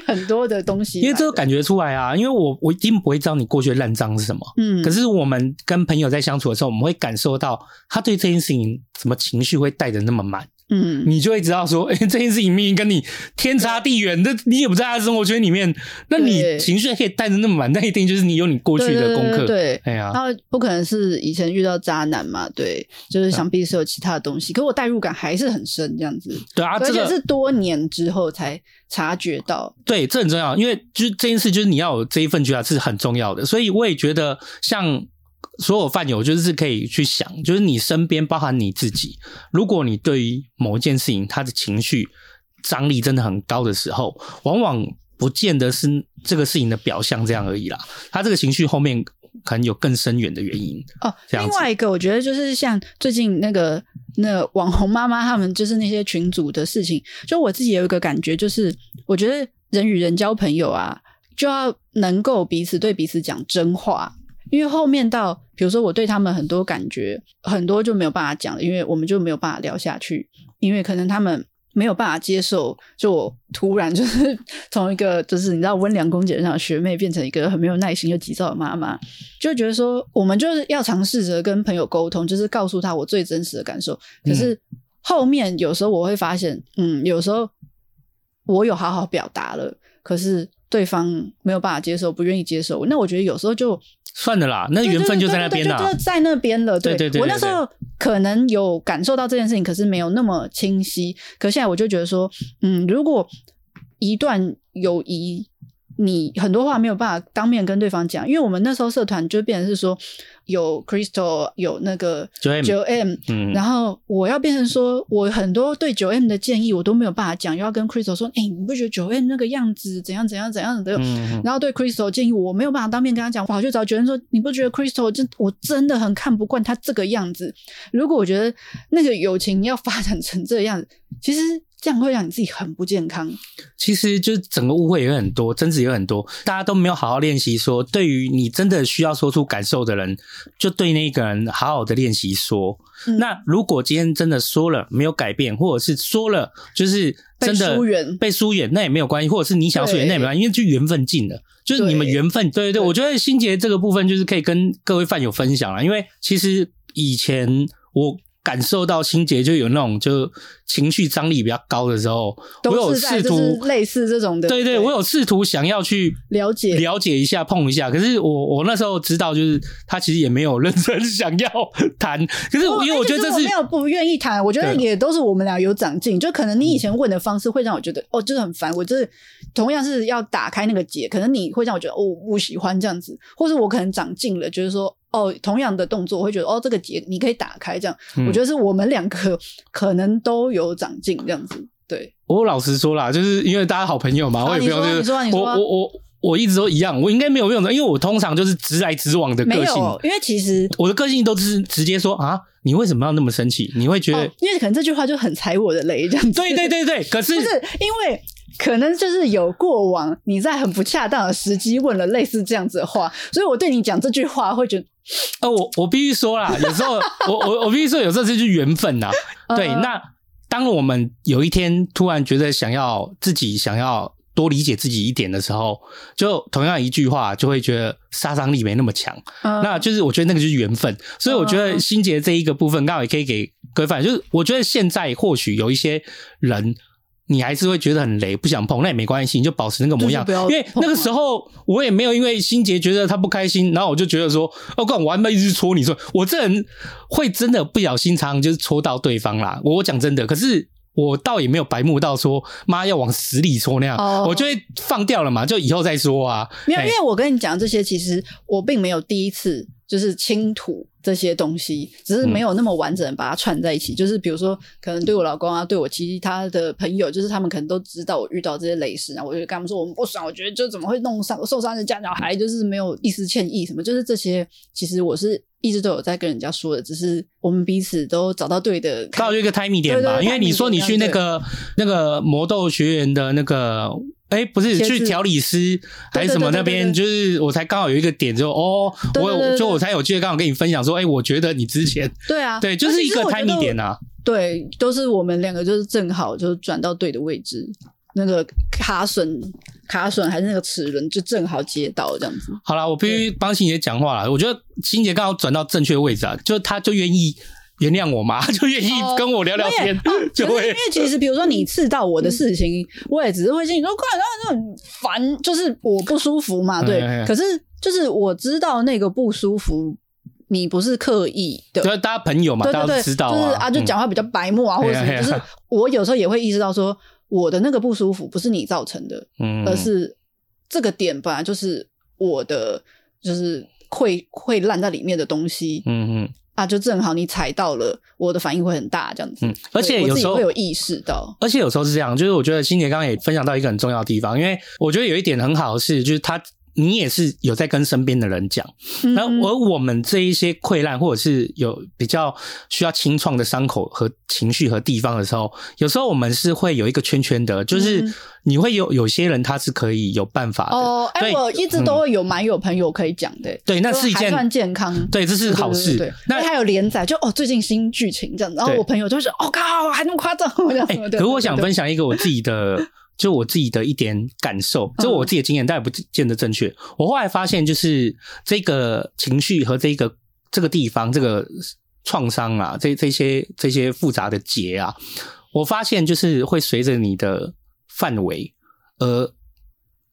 很多的東西的。因為這個感覺出來啊，因為我我一定不會知道你過去的爛賬是什麼。嗯，可是我們跟朋友在相處的時候，我們會感受到他對這件事情什麼情緒會帶得那麼滿。嗯，你就會知道說，哎、欸，這一件事明明跟你天差地遠，這對你也不在他的生活圈裡面，那你情緒可以帶得那麼滿，那一定就是你有你過去的功課，對，對，對，對，哎呀、啊，然後不可能是以前遇到渣男嘛，對，就是想必是有其他的東西，啊、可我代入感還是很深，這樣子，對啊，而、這、且、個、是多年之後才察覺到，對，這很重要，因為就這件事，就是你要有這一份覺察是很重要的，所以我也覺得像。所有飯友就是可以去想，就是你身邊包含你自己，如果你對於某一件事情，他的情緒張力真的很高的時候，往往不見得是這個事情的表象這樣而已啦。他這個情緒後面可能有更深遠的原因這樣。哦，另外一個，我覺得就是像最近那個那網紅媽媽他們，就是那些群組的事情，就我自己有一個感覺，就是我覺得人與人交朋友啊，就要能夠彼此對彼此講真話。因為後面到，比如說我對他們很多感覺，很多就沒有辦法講了，因為我們就沒有辦法聊下去。因為可能他們沒有辦法接受，就我突然就是從一個就是你知道溫良恭儉讓的學妹，變成一個很沒有耐心又急躁的媽媽，就覺得說我們就是要嘗試着跟朋友溝通，就是告訴他我最真實的感受。可是後面有時候我會發現，嗯，有時候我有好好表達了，可是。對方沒有辦法接受，不願意接受。那我覺得有時候就算了啦，那緣分就在那邊了、啊，對對對對就真的在那邊了。對對對,對,對,對,對對，我那時候可能有感受到這件事情，可是沒有那麼清晰。可現在我就覺得說，嗯，如果一段友誼。你很多話沒有辦法當面跟對方講，因為我們那時候社團就變成是說有 Crystal 有那個九 M、嗯、然後我要變成說，我很多對九 M 的建議我都沒有辦法講，又要跟 Crystal 說，哎、欸，你不覺得九 M 那個樣子怎樣怎樣怎樣的？嗯、然後對 Crystal 建議我，我沒有辦法當面跟他講，我就去找九 M 說，你不覺得 Crystal 真我真的很看不慣他這個樣子？如果我覺得那個友情要發展成這樣，其實。這樣會讓你自己很不健康。其實，就是整個誤會也有很多，爭執也有很多，大家都沒有好好練習說，對於你真的需要說出感受的人，就對那個人好好的練習說。嗯、那如果今天真的說了沒有改變，或者是說了就是真的被疏遠，被疏遠那也沒有關係，或者是你想要疏遠那也沒關係，對因為就緣分盡了，就是你們緣分。對對，對對，對我覺得心結這個部分就是可以跟各位飯友分享了，因為其實以前我。感受到心結就有那種就情緒張力比較高的時候，都是在我有試圖就是類似這種的，對對，對我有試圖想要去了解了解一下，解碰一下。可是我我那時候知道，就是他其實也沒有認真想要談。可是我，因為我覺得這是、哦、我沒有不願意談，我覺得也都是我們倆有長進。對就可能你以前問的方式會讓我覺得、嗯、哦，就是很煩。我就是同樣是要打開那個結，可能你會讓我覺得哦，我不喜歡這樣子，或是我可能長進了，就是說。哦，同樣的動作，我會覺得哦，這個結你可以打開這樣。嗯，我覺得是我們兩個可能都有長進這樣子。對，我老實說啦，就是因為大家好朋友嘛，我也不用。我我我我一直都一樣，我應該沒有用的，因為我通常就是直來直往的個性。因為其實我的個性都是直接說啊，你為什麼要那麼生氣？你會覺得，哦，因為可能這句話就很踩我的雷這樣子。對對對對，可是不是因為。可能就是有過往，你在很不恰當的時機問了類似這樣子的話，所以我對你講這句話會覺得，呃，我我必須說啦，有時候 我我我必須說，有時候這就是緣分吶、啊。對，呃、那當我們有一天突然覺得想要自己想要多理解自己一點的時候，就同樣一句話就會覺得殺傷力沒那麼強。呃、那就是我覺得那個就是緣分，所以我覺得心潔這一個部分剛好也可以給規範。就是我覺得現在或許有一些人。你還是會覺得很雷，不想碰，那也沒關係，你就保持那個模樣。因為那個時候我也沒有因為心結覺得他不開心，然後我就覺得說，哦，我還沒一直戳你說，我這人會真的不小心常常就是戳到對方啦。我講真的，可是我倒也沒有白目到說，媽要往死裡戳那樣，哦、我就會放掉了嘛，就以後再說啊。沒有，欸、因為我跟你講這些，其實我並沒有第一次。就是傾吐這些東西，只是沒有那麼完整把它串在一起。嗯、就是比如說，可能對我老公啊，對我其他的朋友，就是他們可能都知道我遇到這些雷事，然後我就跟他們說我，我不爽，我覺得就怎麼會弄傷受傷人家小孩，還就是沒有一絲歉意什麼。就是這些，其實我是一直都有在跟人家說的，只是我們彼此都找到對的。剛好就一個 timing 點吧，對對對，因為你說你去那個對那個魔斗學員的那個。哎、欸，不是子去調理師還是什麼那邊，就是我才剛好有一個點就，就哦，我對對對對就我才有機會剛好跟你分享說，哎、欸，我覺得你之前對啊，對，就是一個 timing 點啊，對，都是我們兩個就是正好就轉到對的位置，那個卡榫卡榫，還是那個齒輪就正好接到這樣子。好啦，我必須幫心姐講話了，對我覺得心姐剛好轉到正確位置啊，就她就願意。原諒我嘛，就願意跟我聊聊天，就會、嗯。嗯、因為其實，比如說你刺到我的事情， 我也只是會心裡說：“快，那很煩，就是我不舒服嘛。”對。嗯嗯、可是，就是我知道那個不舒服，你不是刻意的。就大家朋友嘛，對對對大家都是知道就是啊。就講話比較白目啊，嗯、或者什麼，可是我有時候也會意識到，說我的那個不舒服不是你造成的，嗯、而是這個點本來，就是我的，就是會會爛在裡面的東西。嗯嗯。嗯啊，就正好你踩到了，我的反應會很大這樣子。嗯，而且有時候會有意識到，而且有時候是這樣，就是我覺得心潔剛剛也分享到一個很重要的地方，因為我覺得有一點很好的事，就是他。你也是有在跟身邊的人講，那而我們這一些潰爛或者是有比較需要清創的傷口和情緒和地方的時候，有時候我們是會有一個圈圈的，就是你會有有些人他是可以有辦法的。哦，哎，我一直都會有蠻有朋友可以講的，對，那是一件算健康，對，這是好事。那他有連載，就哦，最近新劇情這樣，然後我朋友就是哦靠，還那麼誇張。哎，可是我想分享一個我自己的。就我自己的一點感受，這我自己的經驗，oh. 但也不見得正確。我後來發現，就是這個情緒和這個這個地方，這個創傷啊，這些這些這些複雜的結啊，我發現就是會隨着你的範圍而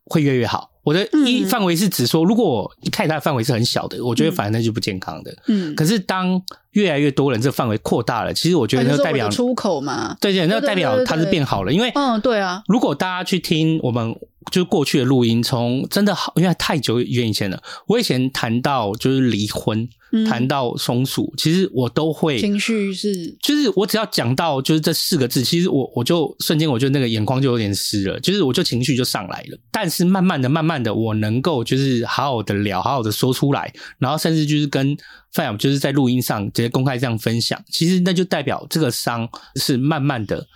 會越越好。我的一範圍是指說，嗯，如果你看它的範圍是很小的，我覺得反正那就不健康的。嗯，嗯，可是當越來越多人，這範圍擴大了。其實我覺得那個代表就是就出口嘛，對對，對，對，對，對對，那代表它是變好了。因為嗯，對啊，如果大家去聽我們就是過去的錄音，從真的好，因為太久遠以前了。我以前談到就是離婚，談、嗯、到松鼠，其實我都會情緒是，就是我只要講到就是這四個字，其實我我就瞬間我就那個眼眶就有點濕了，就是我就情緒就上來了。但是慢慢的、慢慢的，我能夠就是好好的聊，好好的說出來，然後甚至就是跟。分享就是在錄音上直接公開這樣分享，其實那就代表這個傷是慢慢的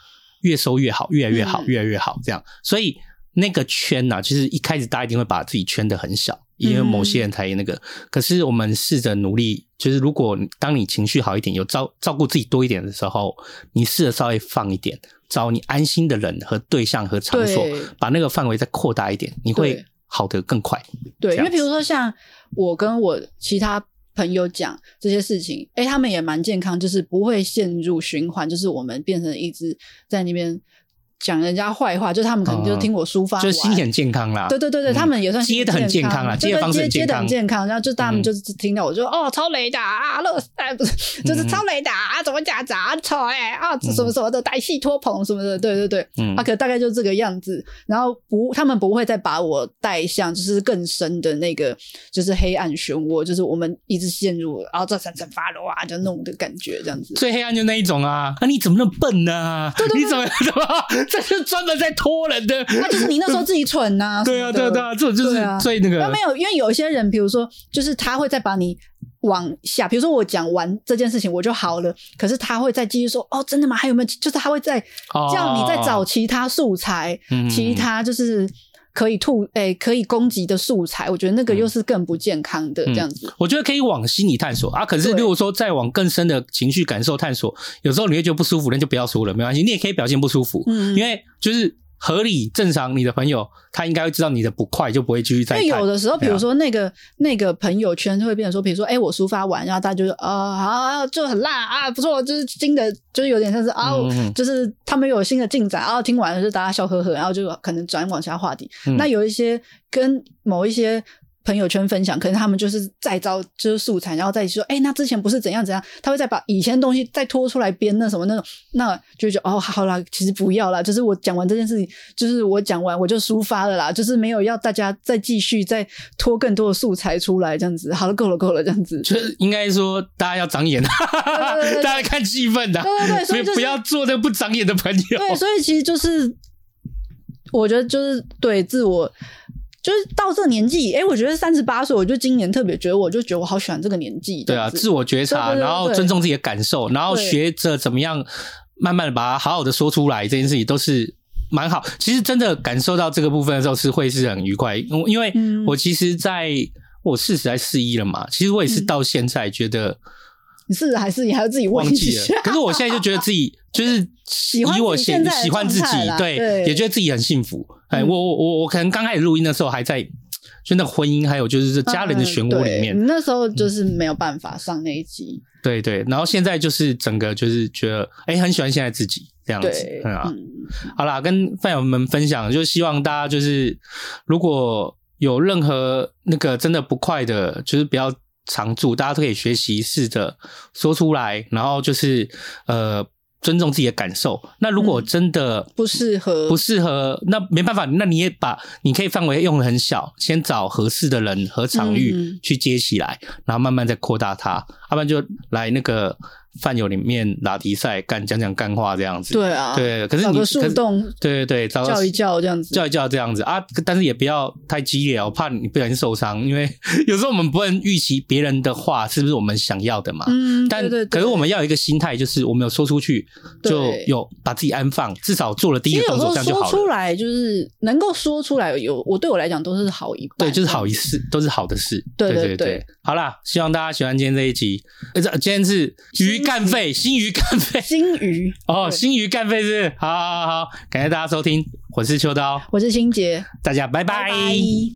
越收越好，越來越好，嗯、越來越好這樣。所以那個圈呢、啊，就是一開始大家一定會把自己圈的很小，因為某些人才那個。嗯、可是我們試着努力，就是如果當你情緒好一點，有照照顧自己多一點的時候，你試着稍微放一點，找你安心的人和對象和場所，對把那個範圍再擴大一點，你會好得更快。對，對，因為比如說像我跟我其他。朋友講這些事情，誒，他們也蠻健康，就是不會陷入循環，就是我們變成一只在那邊。講人家壞話，就他們可能就聽我抒發，就心很健康啦，對對對對，他們也算是接的很健康啦，接的方式健康，然後就他們就聽到我就哦超雷的啊，那哎不是，就是超雷的啊，怎麼講怎麼醜哎啊，什麼什麼的歹戲拖棚什麼的，對對對，啊，可大概就這個樣子，然後不，他們不會再把我帶向就是更深的那個就是黑暗漩渦，就是我們一直陷入然後啊這閃閃發的話就那種的感覺，這樣子最黑暗就那一種啊，那你怎麼那麼笨呢？對對對，你怎麼怎麼。這是專門在拖人的，那、啊、就是你那時候自己蠢吶、啊。 對啊，對啊，對啊，這種就是最那個。啊、沒有，因為有一些人，比如說，就是他會再把你往下，比如說我講完這件事情我就好了，可是他會再繼續說，哦，真的嗎？還有沒有？就是他會在這樣，你再找其他素材，哦、其他就是。嗯可以吐誒、欸，可以攻擊的素材，我覺得那個又是更不健康的這樣子。嗯、我覺得可以往心裡探索啊，可是如果說再往更深的情緒感受探索，對有時候你會覺得不舒服，那就不要說了，沒關係，你也可以表現不舒服，嗯、因為就是。合理正常，你的朋友他應該會知道你的不快，就不會繼續再。因為有的時候，比如說、啊那個那個朋友圈就會變成說，比如說哎、欸，我抒發完，然後大家就啊，啊、哦，好，就很爛啊，不錯，就是新的，就是有點像是啊、嗯哦，就是他們有新的進展啊、哦，聽完了就是大家笑呵呵，然後就可能轉往下話題。嗯、那有一些跟某一些。朋友圈分享，可能他們就是再招就是素材，然後再說，哎、欸，那之前不是怎樣怎樣？他會再把以前的東西再拖出來編那什麼那種，那就就哦，好了，其實不要了，就是我講完這件事情，就是我講完我就抒發了啦，就是沒有要大家再繼續再拖更多的素材出來，這樣子，好了，夠了，夠了，夠了這樣子。所以應該說，大家要長眼的，對對對對大家看氣氛的、啊，對，對對對，所以、就是、不要做那不長眼的朋友對。所以其實就是，我覺得就是對自我。就是到這個年紀，哎、欸，我覺得三十八歲，我就今年特別覺得，我就覺得我好喜歡這個年紀。對啊，自我覺察，對對對對，然後尊重自己的感受，然後學着怎麼樣，慢慢的把它好好的說出來，對這件事情都是蠻好。其實真的感受到這個部分的時候，是會是很愉快。因為因為我其實在、嗯、我四十還四一了嘛，其實我也是到現在覺得，四十還是、啊，你還要自己忘記，可是我現在就覺得自己就是。歡現在以我喜喜歡自己，對，對也覺得自己很幸福。哎、嗯欸，我我我我可能剛開始錄音的時候，還在就那婚姻，還有就是家人的漩渦裡面。嗯、那時候就是沒有辦法上那一集。嗯、對,對對，然後現在就是整個就是覺得哎、欸，很喜歡現在自己這樣子，對嗯，好、嗯。好啦，跟飯友們分享，就希望大家就是如果有任何那個真的不快的，就是不要藏住，大家都可以學習試着說出來，然後就是呃。尊重自己的感受。那如果真的不適合，嗯、不適合，那沒辦法，那你也把你可以範圍用得很小，先找合適的人和場域去接起來，然後慢慢再擴大它。要不然就來那個。飯友裡面打題賽，乾講講幹話這樣子。對啊，對。可是你個樹洞，對對對，叫一叫這樣子，叫一叫這樣子啊。但是也不要太激烈哦，我怕你不小心受傷。因為有時候我們不能預期別人的話是不是我們想要的嘛。嗯。但對，可是我們要有一個心態，就是我們有說出去就有把自己安放，至少做了第一個動作，這樣就好了。出來就是能夠說出來，有我對我來講都是好一，對，就是好一事，都是好的事。對對對。好啦，希望大家喜歡今天這一集。這今天是魚。淦廢，心魚淦廢，心魚哦，心魚淦廢是不是，好，好,好，好，感謝大家收聽，我是秋刀，我是心潔，大家拜拜。拜拜